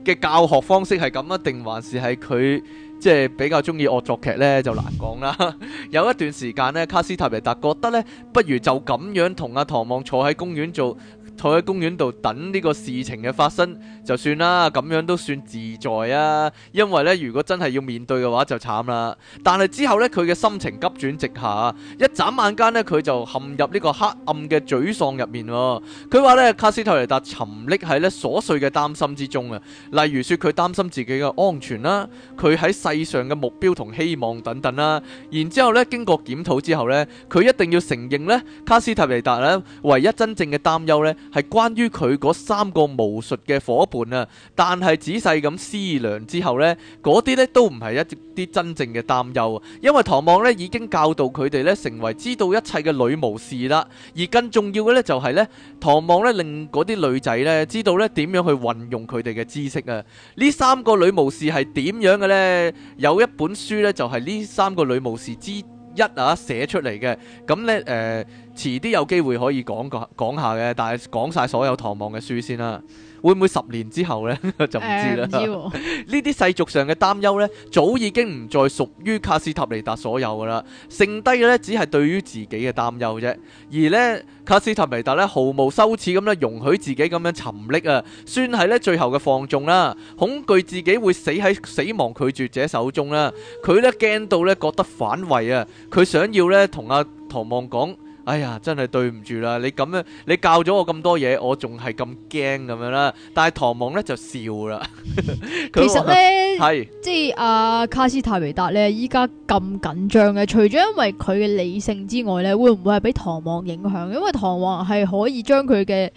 嘅教學方式係咁啊，定還是係佢？即係比較中意惡作劇呢，就難講啦。 <laughs> 有一段時間呢，卡斯塔維達覺得呢，不如就咁樣同阿唐望坐喺公園做。坐喺公園度等呢個事情嘅發生就算啦，咁樣都算自在啊！因為呢，如果真係要面對嘅話就慘啦。但係之後呢，佢嘅心情急轉直下，一眨眼間呢，佢就陷入呢個黑暗嘅沮喪入面。佢話呢，卡斯特雷達沉溺喺呢瑣碎嘅擔心之中啊，例如說佢擔心自己嘅安全啦，佢喺世上嘅目標同希望等等啦。然之後呢，經過檢討之後呢，佢一定要承認呢卡斯特雷達呢唯一真正嘅擔憂呢，係關於佢嗰三個巫術嘅夥伴啊，但係仔細咁思量之後呢，嗰啲呢都唔係一啲真正嘅擔憂，因為唐望呢已經教導佢哋呢成為知道一切嘅女巫士啦。而更重要嘅呢，就係呢唐望呢令嗰啲女仔呢知道呢點樣去運用佢哋嘅知識啊。呢三個女巫士係點樣嘅呢？有一本書呢，就係呢三個女巫士知。一啊寫出嚟嘅，咁你誒，遲啲有機會可以講講講下嘅，但係講晒所有唐望嘅書先啦。會唔會十年之後呢？ <laughs> 就唔知啦。呢啲世俗上嘅擔憂呢，早已經唔再屬於卡斯塔尼達所有噶啦。剩低嘅呢，只係對於自己嘅擔憂啫。而呢，卡斯塔尼達呢，毫無羞恥咁咧，容許自己咁樣沉溺啊，算係呢最後嘅放縱啦、啊。恐懼自己會死喺死亡拒絕者手中啦、啊。佢呢，驚到呢覺得反胃啊。佢想要呢，同阿唐望講。哎呀，真係對唔住啦！你咁樣，你教咗我咁多嘢，我仲係咁驚咁樣啦。但係唐望呢就笑啦。 <laughs> 說其實呢，係是即係阿、啊、卡斯泰維達呢，依家咁緊張嘅，除咗因為佢嘅理性之外呢，會唔會係俾唐望影響？因為唐望係可以將佢嘅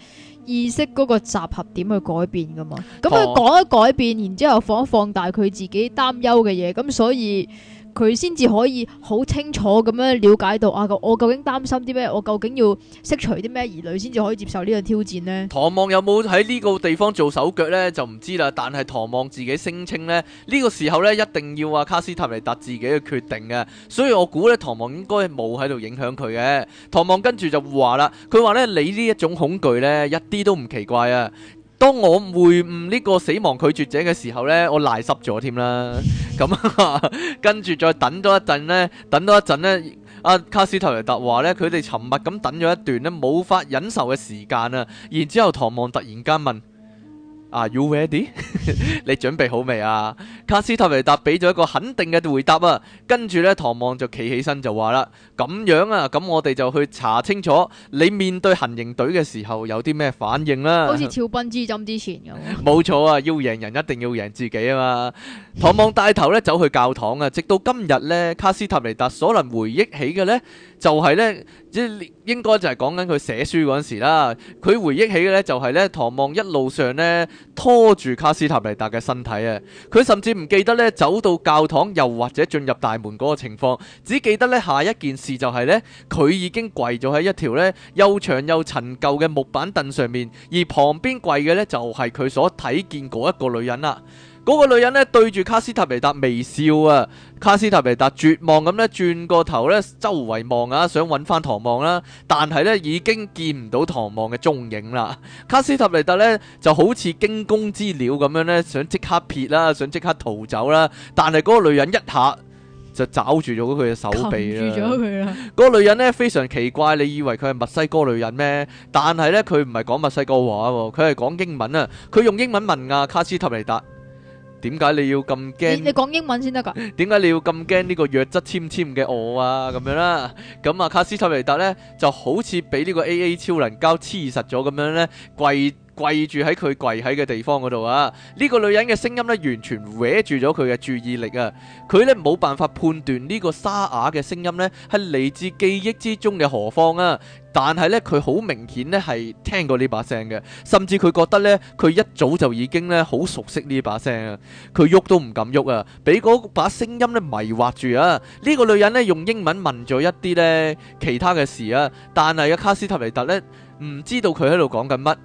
意識嗰個集合點去改變噶嘛。咁佢講一改變，然之後放一放大佢自己擔憂嘅嘢，咁所以。佢先至可以好清楚咁樣了解到啊，我究竟擔心啲咩？我究竟要釋除啲咩疑慮先至可以接受呢個挑戰呢？唐望有冇喺呢個地方做手腳呢？就唔知啦。但係唐望自己聲稱呢，呢、呢個時候呢，一定要啊卡斯塔尼達自己嘅決定嘅。所以我估呢，唐望應該冇喺度影響佢嘅。唐望跟住就話啦，佢話呢，你呢一種恐懼呢，一啲都唔奇怪啊！當我會晤呢個死亡拒絕者嘅時候呢，我瀨濕咗添啦。咁、啊、跟住再等咗一陣呢，等咗一陣呢，阿、啊、卡斯特雷特話呢，佢哋沉默咁等咗一段呢冇法忍受嘅時間啊。然之後唐望突然間問。Are you ready？ <laughs> 你準備好未啊？卡斯泰利達俾咗一個肯定嘅回答啊，跟住咧，唐望就企起身就話啦：咁樣啊，咁我哋就去查清楚你面對行刑隊嘅時候有啲咩反應啦，啊。好似俏奔之針之前咁。冇錯啊，要贏人一定要贏自己啊嘛！唐望帶頭咧走去教堂啊，直到今日咧，卡斯泰利達所能回憶起嘅咧，就係、是、咧。即係應該就係講緊佢寫書嗰陣時啦，佢回憶起嘅呢，就係呢唐望一路上呢拖住卡斯塔尼達嘅身體啊，佢甚至唔記得呢走到教堂又或者進入大門嗰個情況，只記得呢下一件事就係呢佢已經跪咗喺一條呢又長又陳舊嘅木板凳上面，而旁邊跪嘅呢，就係佢所睇見嗰一個女人啦。嗰個女人咧對住卡斯塔尼達微笑啊，卡斯塔尼達絕望咁咧轉個頭咧，周圍望啊，想揾翻唐望啦，但係咧已經見唔到唐望嘅蹤影啦。卡斯塔尼達咧就好似驚弓之鳥咁樣咧，想即刻撇啦，想即刻逃走啦，但係嗰個女人一下就抓住咗佢嘅手臂啦。住咗佢啦。嗰個女人咧非常奇怪，你以為佢係墨西哥女人咩？但係咧佢唔係講墨西哥話喎，佢係講英文啊。佢用英文問啊卡斯塔尼達。點解你要咁驚？你你講英文先得㗎。點解 <laughs> 你要咁驚呢個弱質纖纖嘅我啊？咁樣啦，咁啊卡斯塔尼達咧就好似俾呢個 A A 超能膠黐實咗咁樣咧跪。跪住喺佢跪喺嘅地方嗰度啊！呢個女人嘅聲音咧，完全歪住咗佢嘅注意力啊！佢咧冇辦法判斷呢個沙啞嘅聲音咧係嚟自記憶之中嘅何方啊！但係咧，佢好明顯咧係聽過呢把聲嘅，甚至佢覺得咧佢一早就已經咧好熟悉呢把聲啊！佢喐都唔敢喐啊！俾嗰把聲音咧迷惑住啊！呢個女人咧用英文問咗一啲咧其他嘅事啊，但係阿卡斯特尼特咧唔知道佢喺度講緊乜。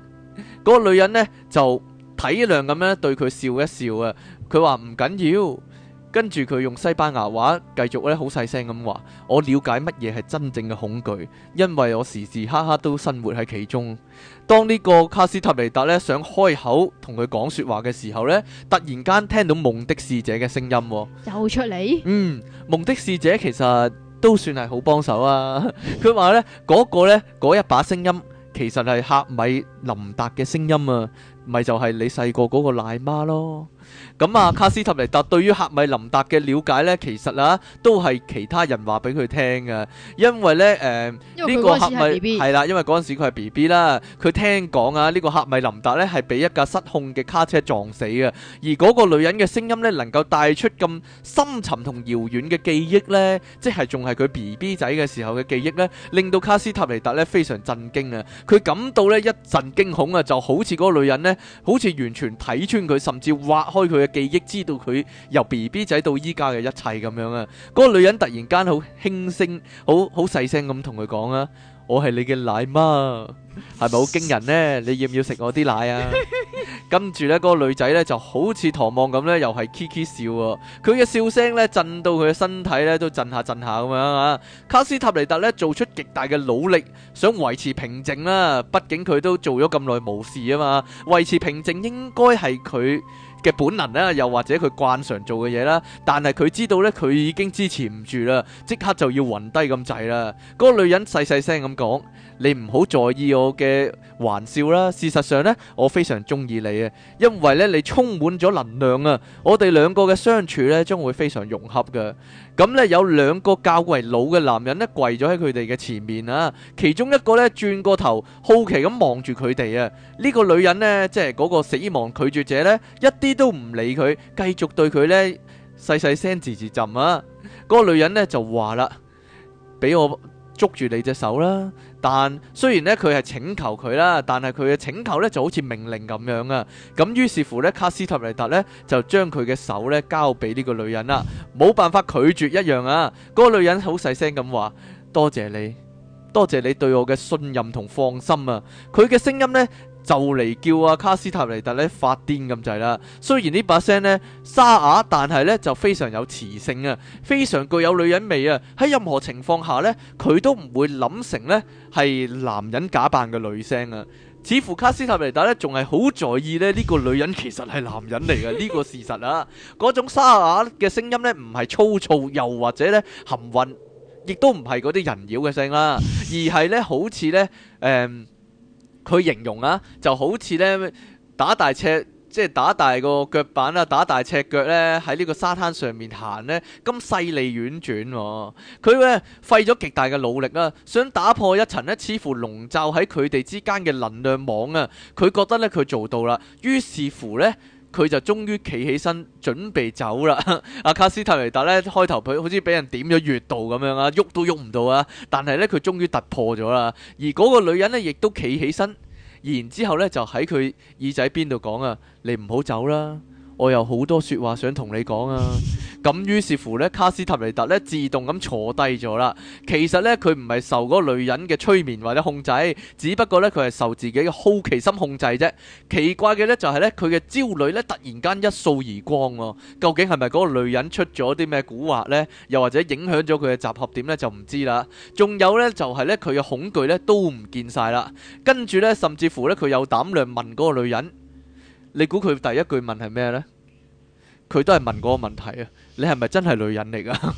嗰個女人呢，就體諒咁樣對佢笑一笑啊，佢話唔緊要，跟住佢用西班牙話繼續呢好細聲咁話：我了解乜嘢係真正嘅恐懼，因為我時時刻刻都生活喺其中。當呢個卡斯塔尼達呢想開口同佢講說話嘅時候呢，突然間聽到夢的使者嘅聲音、哦，又出嚟。嗯，夢的使者其實都算係好幫手啊。佢 <laughs> 話呢嗰個呢，嗰一把聲音。其實係黑米林達嘅聲音啊！咪就係你細個個奶媽咯，咁啊卡斯塔尼達對於赫米林達嘅了解咧，其實啊都係其他人話俾佢聽嘅，因為咧誒呢、呃、個赫米係啦，因為陣時佢係 B B 啦，佢聽講啊呢、這個赫米林達咧係俾一架失控嘅卡車撞死嘅，而個女人嘅聲音咧能夠帶出咁深沉同遙遠嘅記憶咧，即係仲係佢 B B 仔嘅時候嘅記憶咧，令到卡斯塔尼達咧非常震驚啊，佢感到咧一陣驚恐啊，就好似個女人咧。好似完全睇穿佢，甚至挖開佢嘅記憶，知道佢由 BB 仔到依家嘅一切咁樣啊！嗰、嗰個女人突然間好輕聲，好好細聲咁同佢講啊。我係你嘅奶媽，係咪好驚人呢？你要唔要食我啲奶啊？跟住 <laughs> 呢嗰、嗰個女仔呢，就好似唐望咁呢，又係 kiki 笑，佢嘅笑聲呢，震到佢嘅身體呢，都震下震下咁樣啊！卡斯塔尼達呢，做出極大嘅努力，想維持平靜啦，畢竟佢都做咗咁耐無事啊嘛，維持平靜應該係佢。嘅本能啦，又或者佢慣常做嘅嘢啦，但係佢知道咧，佢已經支持唔住啦，即刻就要暈低咁滯啦。嗰個女人細細聲咁講。你唔好在意我嘅玩笑啦。事實上咧，我非常中意你啊，因為咧你充滿咗能量啊。我哋兩個嘅相處咧將會非常融合噶。咁咧有兩個較為老嘅男人咧跪咗喺佢哋嘅前面啊。其中一個咧轉個頭好奇咁望住佢哋啊。呢個女人咧即係嗰個死亡拒絕者咧一啲都唔理佢，繼續對佢咧細細聲吱吱噏啊。嗰個女人咧就話啦，俾我，捉住你隻手啦，但雖然呢，佢係請求佢啦，但係佢嘅請求呢就好似命令咁樣啊！咁於是乎呢，卡斯特尼達呢就將佢嘅手呢交俾呢個女人啦，冇辦法拒絕一樣啊！嗰、那個女人好細聲咁話：多謝你，多謝你對我嘅信任同放心啊！佢嘅聲音呢。就嚟叫阿卡斯塔尼達咧發癲咁滯啦！雖然呢把聲呢沙啞，但係呢就非常有磁性啊，非常具有女人味啊！喺任何情況下呢，佢都唔會諗成呢係男人假扮嘅女聲啊！似乎卡斯塔尼達呢仲係好在意咧呢個女人其實係男人嚟嘅呢個事實啊！嗰種沙啞嘅聲音呢唔係粗糙又或者呢含混，亦都唔係嗰啲人妖嘅聲啦，而係呢好似呢。誒。嗯佢形容啊，就好似呢打大赤即係打大個腳板啊，打大赤腳咧喺呢個沙灘上面行呢，咁犀利婉轉啊。佢呢費咗極大嘅努力啊，想打破一層呢，似乎籠罩喺佢哋之間嘅能量網啊。佢覺得呢，佢做到啦，於是乎呢。佢就終於企起身，準備走啦。阿、啊、卡斯泰利達咧開頭佢好似俾人點咗穴道咁樣啊，喐都喐唔到啊。但係咧佢終於突破咗啦，而嗰個女人咧亦都企起身，然之後咧就喺佢耳仔邊度講啊：你唔好走啦。我有好多說話想同你講啊！咁於是乎呢，卡斯塔尼特呢自動咁坐低咗啦。其實呢，佢唔係受嗰個女人嘅催眠或者控制，只不過呢，佢係受自己嘅好奇心控制啫。奇怪嘅呢，就係呢，佢嘅焦慮呢突然間一掃而光。究竟係咪嗰個女人出咗啲咩蠱惑呢？又或者影響咗佢嘅集合點呢？就唔知啦。仲有呢，就係呢，佢嘅恐懼呢都唔見晒啦。跟住呢，甚至乎呢，佢有膽量問嗰個女人。你估佢第一句問係咩呢？佢都係問嗰個問題啊！你係咪真係女人嚟噶？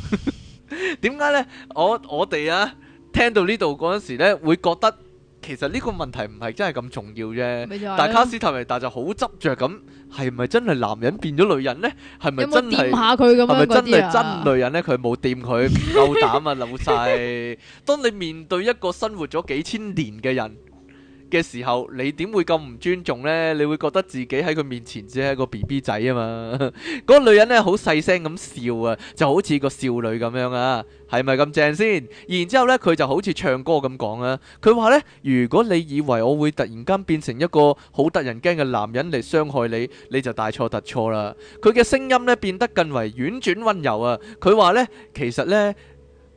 點解呢？我我哋啊，聽到呢度嗰陣時呢，會覺得其實呢個問題唔係真係咁重要啫。但係卡斯塔尼達就好執著咁，係咪真係男人變咗女人呢？係咪真係？有冇掂下佢咁樣嗰啲啊？係咪真係真女人呢？佢冇掂佢，唔夠膽啊！老細，當你面對一個生活咗幾千年嘅人，嘅時候，你點會咁唔尊重呢？你會覺得自己喺佢面前只係一個 BB 仔啊嘛？ <laughs> 嗰個女人呢，好細聲咁笑啊，就好似個少女咁樣啊，係咪咁正先？然之後呢，佢就好似唱歌咁講啊。佢話呢，如果你以為我會突然間變成一個好得人驚嘅男人嚟傷害你，你就大錯特錯啦。佢嘅聲音呢，變得更為婉轉溫柔啊。佢話呢，其實呢。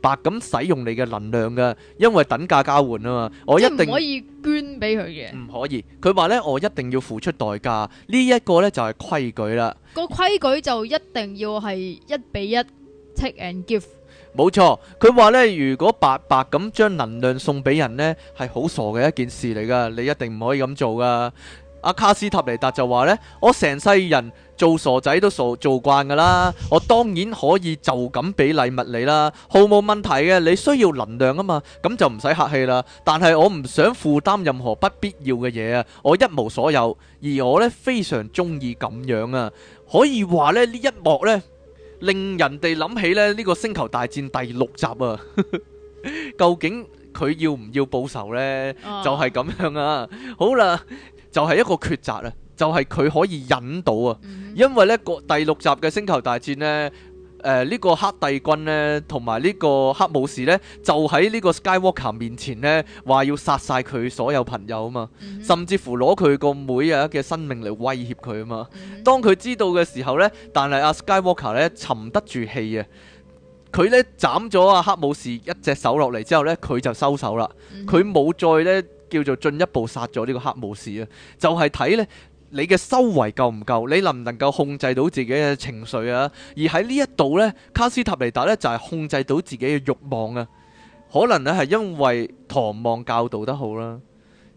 白咁使用你嘅能量噶，因為等價交換啊嘛，我一定唔可以捐俾佢嘅。唔可以，佢話咧我一定要付出代價，呢一個咧就係規矩啦。個規矩就一定要係一比一，take and give。冇錯，佢話咧如果白白咁將能量送俾人咧，係好傻嘅一件事嚟噶，你一定唔可以咁做噶。阿卡斯塔尼達就話咧：我成世人做傻仔都傻做慣噶啦，我當然可以就咁俾禮物你啦，毫無問題嘅。你需要能量啊嘛，咁就唔使客氣啦。但係我唔想負擔任何不必要嘅嘢啊，我一無所有，而我咧非常中意咁樣啊。可以話咧呢一幕咧，令人哋諗起咧呢個星球大戰第六集啊。究竟佢要唔要報仇咧？就係咁樣啊。好啦。就係一個抉擇啊！就係、是、佢可以引導啊，因為呢個第六集嘅星球大戰呢，誒、呃、呢、這個黑帝君呢，同埋呢個黑武士呢，就喺呢個 Skywalker 面前呢話要殺晒佢所有朋友啊嘛，甚至乎攞佢個妹啊嘅生命嚟威脅佢啊嘛。當佢知道嘅時候呢，但係阿、啊、Skywalker 呢沉得住氣啊，佢呢斬咗阿黑武士一隻手落嚟之後呢，佢就收手啦，佢冇再呢。叫做進一步殺咗呢個黑武士啊，就係睇咧你嘅修為夠唔夠，你能唔能夠控制到自己嘅情緒啊？而喺呢一度呢，卡斯塔尼達呢就係控制到自己嘅慾望啊，可能呢係因為唐望教導得好啦，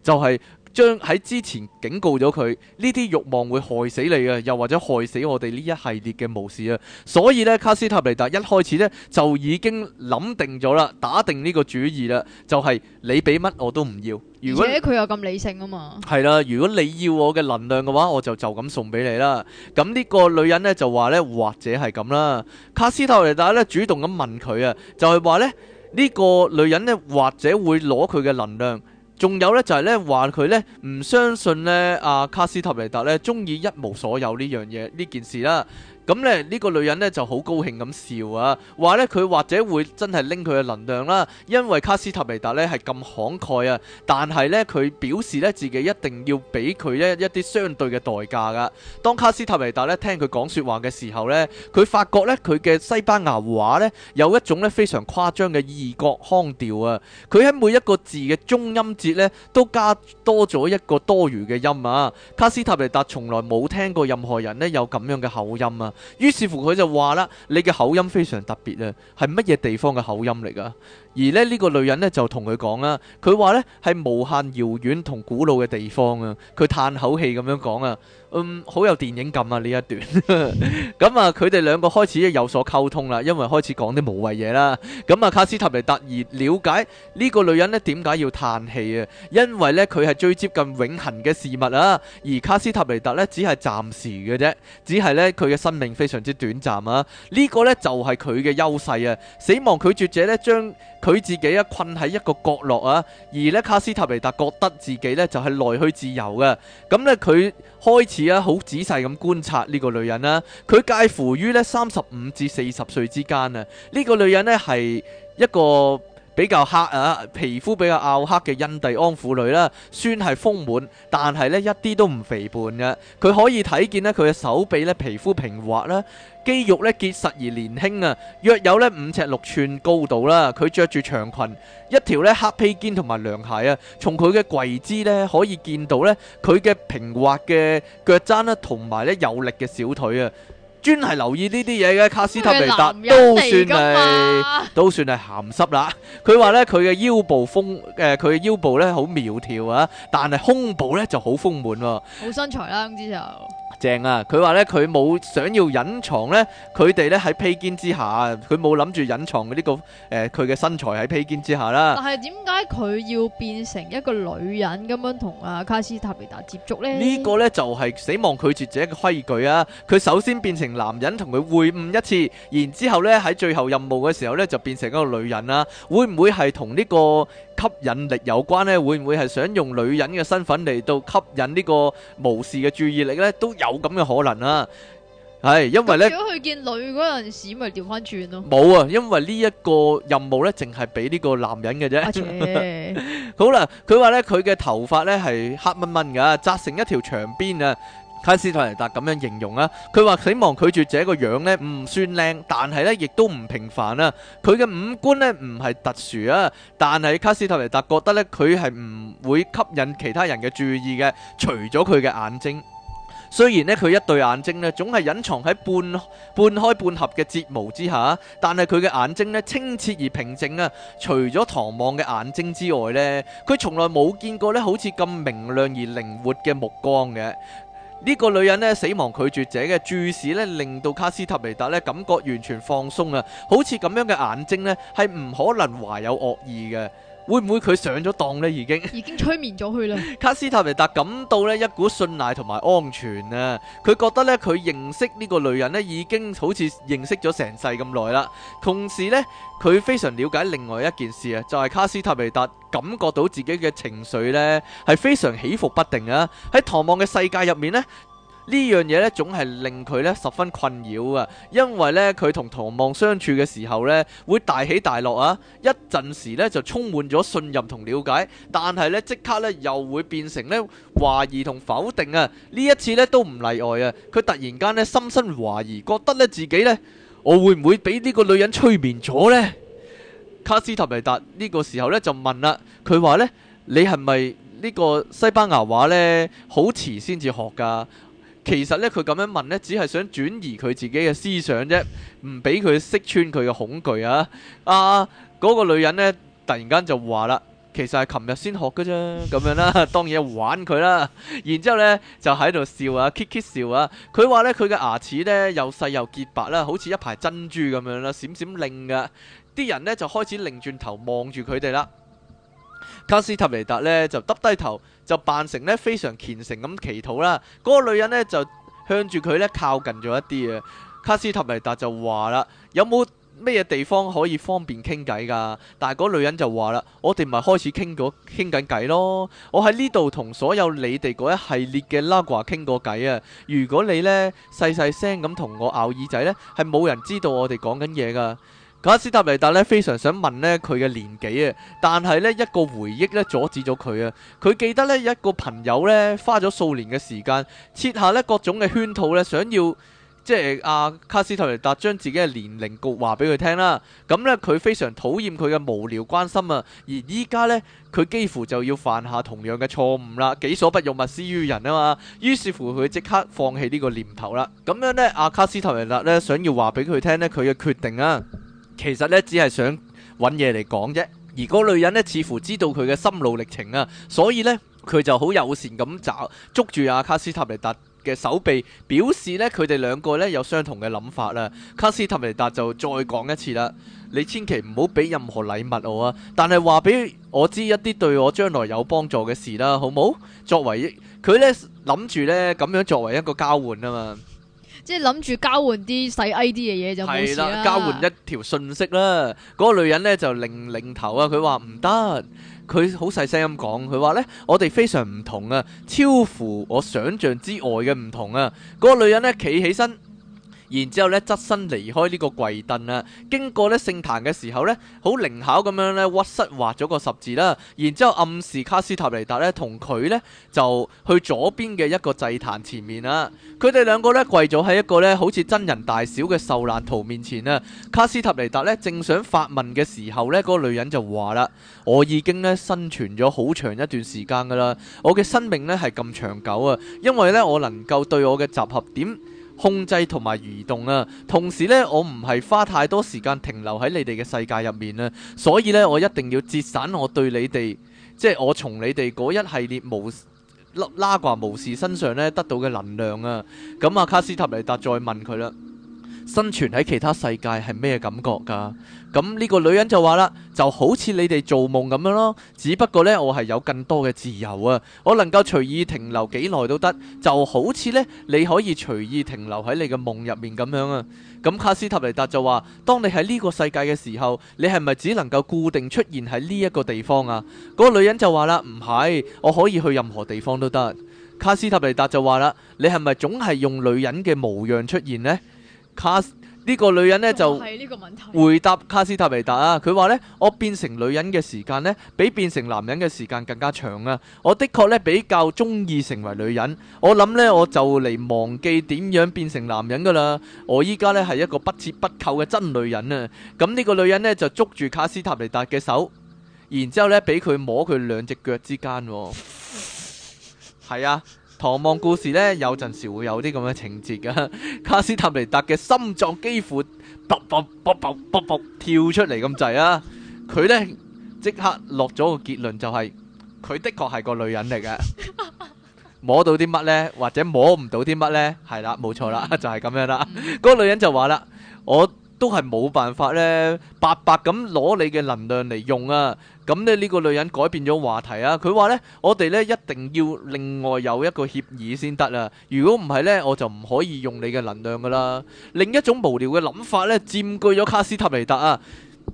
就係、是。將喺之前警告咗佢，呢啲慾望會害死你嘅，又或者害死我哋呢一系列嘅巫士啊！所以呢，卡斯塔尼達一開始呢，就已經諗定咗啦，打定呢個主意啦，就係你俾乜我都唔要。如果佢有咁理性啊嘛。係啦，如果你要我嘅能量嘅話，我就就咁送俾你啦。咁呢個女人呢，就話呢，或者係咁啦。卡斯塔尼達呢，主動咁問佢啊，就係話呢，呢個女人呢，或者會攞佢嘅能量。仲有咧，就係咧，話佢咧，唔相信咧，阿卡斯塔尼達咧中意一無所有呢樣嘢呢件事啦。咁咧，呢個女人咧就好高興咁笑啊，話咧佢或者會真係拎佢嘅能量啦，因為卡斯塔尼達咧係咁慷慨啊。但係咧，佢表示咧自己一定要俾佢一一啲相對嘅代價噶。當卡斯塔尼達咧聽佢講説話嘅時候咧，佢發覺咧佢嘅西班牙話咧有一種咧非常誇張嘅異國腔調啊。佢喺每一個字嘅中音節咧都加多咗一個多餘嘅音啊。卡斯塔尼達從來冇聽過任何人咧有咁樣嘅口音啊。於是乎佢就話啦：你嘅口音非常特別啊，係乜嘢地方嘅口音嚟㗎？而呢呢個女人呢，就同佢講啦，佢話呢係無限遙遠同古老嘅地方啊，佢嘆口氣咁樣講啊。嗯，好有電影感啊！呢一段咁 <laughs> 啊、嗯，佢哋兩個開始有所溝通啦，因為開始講啲無謂嘢啦。咁、嗯、啊，卡斯塔尼特而了解呢個女人呢點解要嘆氣啊？因為呢，佢係最接近永恆嘅事物啊。而卡斯塔尼特呢，只係暫時嘅啫，只係呢，佢嘅生命非常之短暫啊。呢、這個呢，就係佢嘅優勢啊。死亡拒絕者呢，將佢自己啊困喺一個角落啊，而呢，卡斯塔尼特覺得自己呢，就係、是、來去自由嘅、啊。咁、嗯、呢，佢、嗯。開始啊，好仔細咁觀察呢個女人啦。佢介乎於咧三十五至四十歲之間啊。呢個女人呢係一個比較黑啊，皮膚比較拗黑嘅印第安婦女啦，算係豐滿，但係呢一啲都唔肥胖嘅。佢可以睇見呢佢嘅手臂咧皮膚平滑啦。肌肉咧結實而年輕啊，約有咧五尺六吋高度啦。佢着住長裙，一條咧黑披肩同埋涼鞋啊。從佢嘅跪姿咧，可以見到咧佢嘅平滑嘅腳踭啦，同埋咧有力嘅小腿啊。專係留意呢啲嘢嘅卡斯塔尼達，都算係都算係鹹濕啦。佢話咧佢嘅腰部豐誒，佢嘅、 <laughs> 呃、腰部咧好苗條啊，但係胸部咧就好豐滿喎。好身材啦，啊，總之就。正啊！佢話咧，佢冇想要隱藏咧，佢哋咧喺披肩之下，佢冇諗住隱藏嘅呢個誒，佢嘅身材喺披肩之下啦。但係點解佢要變成一個女人咁樣同阿卡斯塔維達接觸咧？呢個咧就係死亡拒絕者嘅規矩啊！佢首先變成男人同佢會晤一次，然之後咧喺最後任務嘅時候咧就變成一個女人啦。會唔會係同呢個吸引力有關咧？會唔會係想用女人嘅身份嚟到吸引呢個巫師嘅注意力咧？都有。有咁嘅可能啦，係因為咧如果去見女嗰陣時，咪調翻轉咯。冇啊，因為呢一個任務咧，淨係俾呢個男人嘅啫。好啦，佢話咧，佢嘅頭髮咧係黑掹掹噶，紮成一條長辮啊。卡斯托尼達咁樣形容啊。佢話死亡拒絕者個樣咧唔算靚，但係咧亦都唔平凡啊。佢嘅五官咧唔係特殊啊，但係卡斯托尼達覺得咧佢係唔會吸引其他人嘅注意嘅，除咗佢嘅眼睛。雖然咧，佢一對眼睛咧，總係隱藏喺半半開半合嘅睫毛之下，但係佢嘅眼睛咧，清澈而平靜啊！除咗唐望嘅眼睛之外咧，佢從來冇見過咧，好似咁明亮而靈活嘅目光嘅呢、這個女人咧，死亡拒絕者嘅注視咧，令到卡斯塔尼達咧感覺完全放鬆啊！好似咁樣嘅眼睛咧，係唔可能懷有惡意嘅。會唔會佢上咗當咧？已經已經催眠咗佢啦。卡斯塔維達感到咧一股信賴同埋安全啊！佢覺得咧佢認識呢個女人咧已經好似認識咗成世咁耐啦。同時咧佢非常了解另外一件事啊，就係卡斯塔維達感覺到自己嘅情緒咧係非常起伏不定啊！喺唐望嘅世界入面咧。呢樣嘢呢，總係令佢呢十分困擾啊，因為呢，佢同唐望相處嘅時候呢，會大起大落啊。一陣時呢，就充滿咗信任同了解，但係呢，即刻呢，又會變成呢，懷疑同否定啊。呢一次呢，都唔例外啊。佢突然間呢，心生懷疑，覺得呢自己呢，我會唔會俾呢個女人催眠咗呢？卡斯特尼達呢個時候呢，就問啦，佢話呢，你係咪呢個西班牙話呢，好遲先至學㗎？其實咧，佢咁樣問咧，只係想轉移佢自己嘅思想啫，唔俾佢識穿佢嘅恐懼啊！啊，嗰個女人咧，突然間就話啦，其實係琴日先學嘅啫，咁樣啦，當嘢玩佢啦。然之後咧，就喺度笑啊，K K 笑啊。佢話咧，佢嘅牙齒咧又細又潔白啦，好似一排珍珠咁樣啦，閃閃靈嘅。啲人咧就開始擰轉頭望住佢哋啦。卡斯特尼達呢就耷低頭，就扮成呢非常虔誠咁祈禱啦。嗰、那個女人呢就向住佢呢靠近咗一啲啊。卡斯特尼達就話啦：有冇咩嘢地方可以方便傾偈噶？但係嗰女人就話啦：我哋咪開始傾過傾緊偈咯。我喺呢度同所有你哋嗰一系列嘅拉瓜傾過偈啊。如果你呢細細聲咁同我咬耳仔呢，係冇人知道我哋講緊嘢噶。卡斯特尼達咧非常想問咧佢嘅年紀啊，但係咧一個回憶咧阻止咗佢啊。佢記得咧一個朋友咧花咗數年嘅時間設下咧各種嘅圈套咧，想要即係阿卡斯特尼達將自己嘅年齡局話俾佢聽啦。咁咧佢非常討厭佢嘅無聊關心啊。而依家咧佢幾乎就要犯下同樣嘅錯誤啦，己所不欲勿施於人啊嘛。於是乎佢即刻放棄呢個念頭啦。咁樣咧阿卡斯特尼達咧想要話俾佢聽咧佢嘅決定啊。其實呢只係想揾嘢嚟講啫，而嗰女人呢，似乎知道佢嘅心路歷程啊，所以呢，佢就好友善咁抓捉住阿、啊、卡斯塔尼達嘅手臂，表示呢，佢哋兩個呢，有相同嘅諗法啦、啊。卡斯塔尼達就再講一次啦，你千祈唔好俾任何禮物我啊，但係話俾我知一啲對我將來有幫助嘅事啦、啊，好冇？作為佢呢，諗住呢，咁樣作為一個交換啊嘛。即係諗住交換啲細 I D 嘅嘢就冇事啦。交換一條信息啦，嗰、那個女人呢，就擰擰頭啊，佢話唔得。佢好細聲咁講，佢話呢，我哋非常唔同啊，超乎我想象之外嘅唔同啊。嗰、那個女人呢，企起身。然之後咧，側身離開呢個跪凳啦。經過咧聖壇嘅時候呢，好靈巧咁樣咧，屈膝畫咗個十字啦。然之後暗示卡斯塔尼達咧，同佢呢就去左邊嘅一個祭壇前面啦。佢哋兩個咧跪咗喺一個呢好似真人大小嘅受難圖面前啊。卡斯塔尼達呢正想發問嘅時候呢，嗰個女人就話啦：我已經咧生存咗好長一段時間㗎啦，我嘅生命呢係咁長久啊，因為呢我能夠對我嘅集合點控制同埋移動啊！同時呢，我唔係花太多時間停留喺你哋嘅世界入面啊，所以呢，我一定要節省我對你哋，即係我從你哋嗰一系列無拉拉無事身上咧得到嘅能量啊！咁、嗯、啊，卡斯塔尼達再問佢啦。生存喺其他世界係咩感覺噶？咁呢個女人就話啦，就好似你哋做夢咁樣咯。只不過呢，我係有更多嘅自由啊，我能夠隨意停留幾耐都得，就好似呢，你可以隨意停留喺你嘅夢入面咁樣啊。咁卡斯塔尼達就話：當你喺呢個世界嘅時候，你係咪只能夠固定出現喺呢一個地方啊？嗰個女人就話啦，唔係，我可以去任何地方都得。卡斯塔尼達就話啦，你係咪總係用女人嘅模樣出現呢？卡呢、呢個女人呢，就回答卡斯塔尼達啊，佢話呢，我變成女人嘅時間呢，比變成男人嘅時間更加長啊！我的確呢，比較中意成為女人，我諗呢，我就嚟忘記點樣變成男人噶啦！我依家呢，係一個不折不扣嘅真女人啊！咁呢個女人呢，就捉住卡斯塔尼達嘅手，然之後呢俾佢摸佢兩隻腳之間，係啊。 <laughs> 旁望故事呢，有陣時會有啲咁嘅情節嘅。卡斯塔尼達嘅心臟幾乎啵啵啵啵啵啵跳出嚟咁滯啊！佢呢，即刻落咗個結論，就是，就係佢的確係個女人嚟嘅。摸到啲乜呢？或者摸唔到啲乜呢？係啦，冇錯啦，就係、是、咁樣啦。嗰 <laughs> <laughs> 個女人就話啦，我。都係冇辦法呢，白白咁攞你嘅能量嚟用啊！咁咧呢、呢個女人改變咗話題啊，佢話呢：我呢「我哋呢，一定要另外有一個協議先得啊！如果唔係呢，我就唔可以用你嘅能量噶啦。另一種無聊嘅諗法呢，佔據咗卡斯塔尼特啊！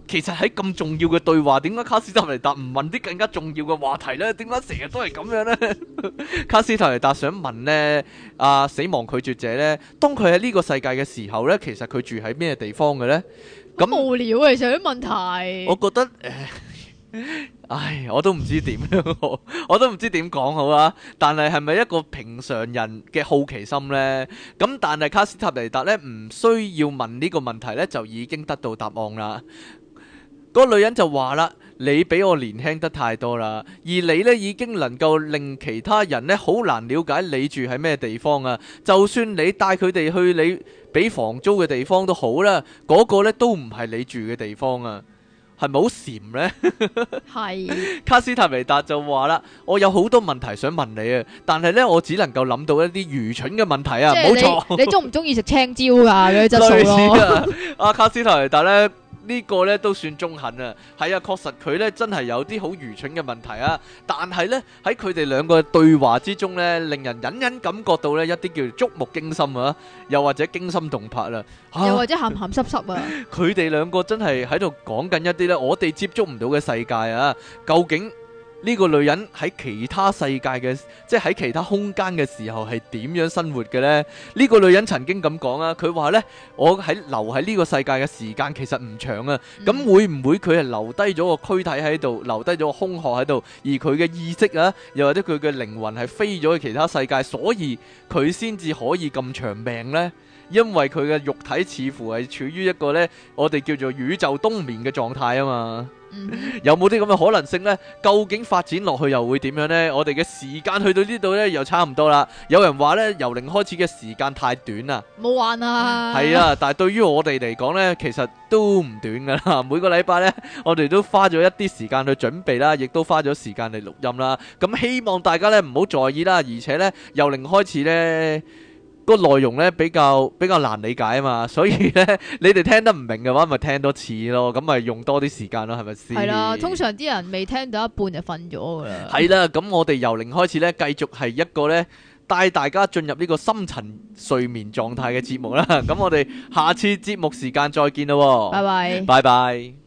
其實喺咁重要嘅對話，點解卡斯塔尼達唔問啲更加重要嘅話題呢？點解成日都係咁樣呢？ <laughs> 卡斯塔尼達想問呢，阿、啊、死亡拒絕者呢，當佢喺呢個世界嘅時候呢，其實佢住喺咩地方嘅呢？咁無聊，其想啲問題。我覺得誒，唉，我都唔知點， <laughs> 我都唔知點講好啊。但係係咪一個平常人嘅好奇心呢？咁但係卡斯塔尼達呢，唔需要問呢個問題呢，就已經得到答案啦。個女人就話啦：你比我年輕得太多啦，而你呢，已經能夠令其他人呢，好難了解你住喺咩地方啊！就算你帶佢哋去你俾房租嘅地方都好啦、啊，嗰、嗰個呢都唔係你住嘅地方啊！係咪好僉呢？係 <laughs> 是。卡斯塔尼達就話啦：我有好多問題想問你啊，但係呢，我只能夠諗到一啲愚蠢嘅問題啊！冇好錯你。你你中唔中意食青椒噶？嗰啲質卡斯塔尼達咧。 <laughs> 個呢個咧都算中肯啊，係啊，確實佢咧真係有啲好愚蠢嘅問題啊，但係呢，喺佢哋兩個嘅對話之中呢，令人隱隱感覺到呢一啲叫做觸目驚心啊，又或者驚心動魄啦、啊，啊、又或者鹹鹹濕濕啊，佢哋兩個真係喺度講緊一啲呢我哋接觸唔到嘅世界啊，究竟？呢個女人喺其他世界嘅，即係喺其他空間嘅時候係點樣生活嘅呢？呢、呢個女人曾經咁講啊，佢話呢：「我喺留喺呢個世界嘅時間其實唔長啊。」咁、嗯、會唔會佢係留低咗個軀體喺度，留低咗個空殼喺度，而佢嘅意識啊，又或者佢嘅靈魂係飛咗去其他世界，所以佢先至可以咁長命呢？因為佢嘅肉體似乎係處於一個呢，我哋叫做宇宙冬眠嘅狀態啊嘛。 <noise> 有冇啲咁嘅可能性呢？究竟發展落去又會點樣呢？我哋嘅時間去到呢度呢，又差唔多啦。有人話呢，由零開始嘅時間太短啦，冇玩啦，啊。係 <noise> 啊，但係對於我哋嚟講呢，其實都唔短噶啦。 <laughs> 每個禮拜呢，我哋都花咗一啲時間去準備啦，亦都花咗時間嚟錄音啦。咁希望大家呢，唔好在意啦，而且呢，由零開始呢，個內容咧比較比較難理解啊嘛，所以咧你哋聽得唔明嘅話，咪聽多次咯，咁咪用多啲時間咯，係咪先？係啦，通常啲人未聽到一半就瞓咗噶啦。係啦，咁我哋由零開始咧，繼續係一個咧帶大家進入呢個深層睡眠狀態嘅節目啦。咁 <laughs> 我哋下次節目時間再見咯。拜拜，拜拜。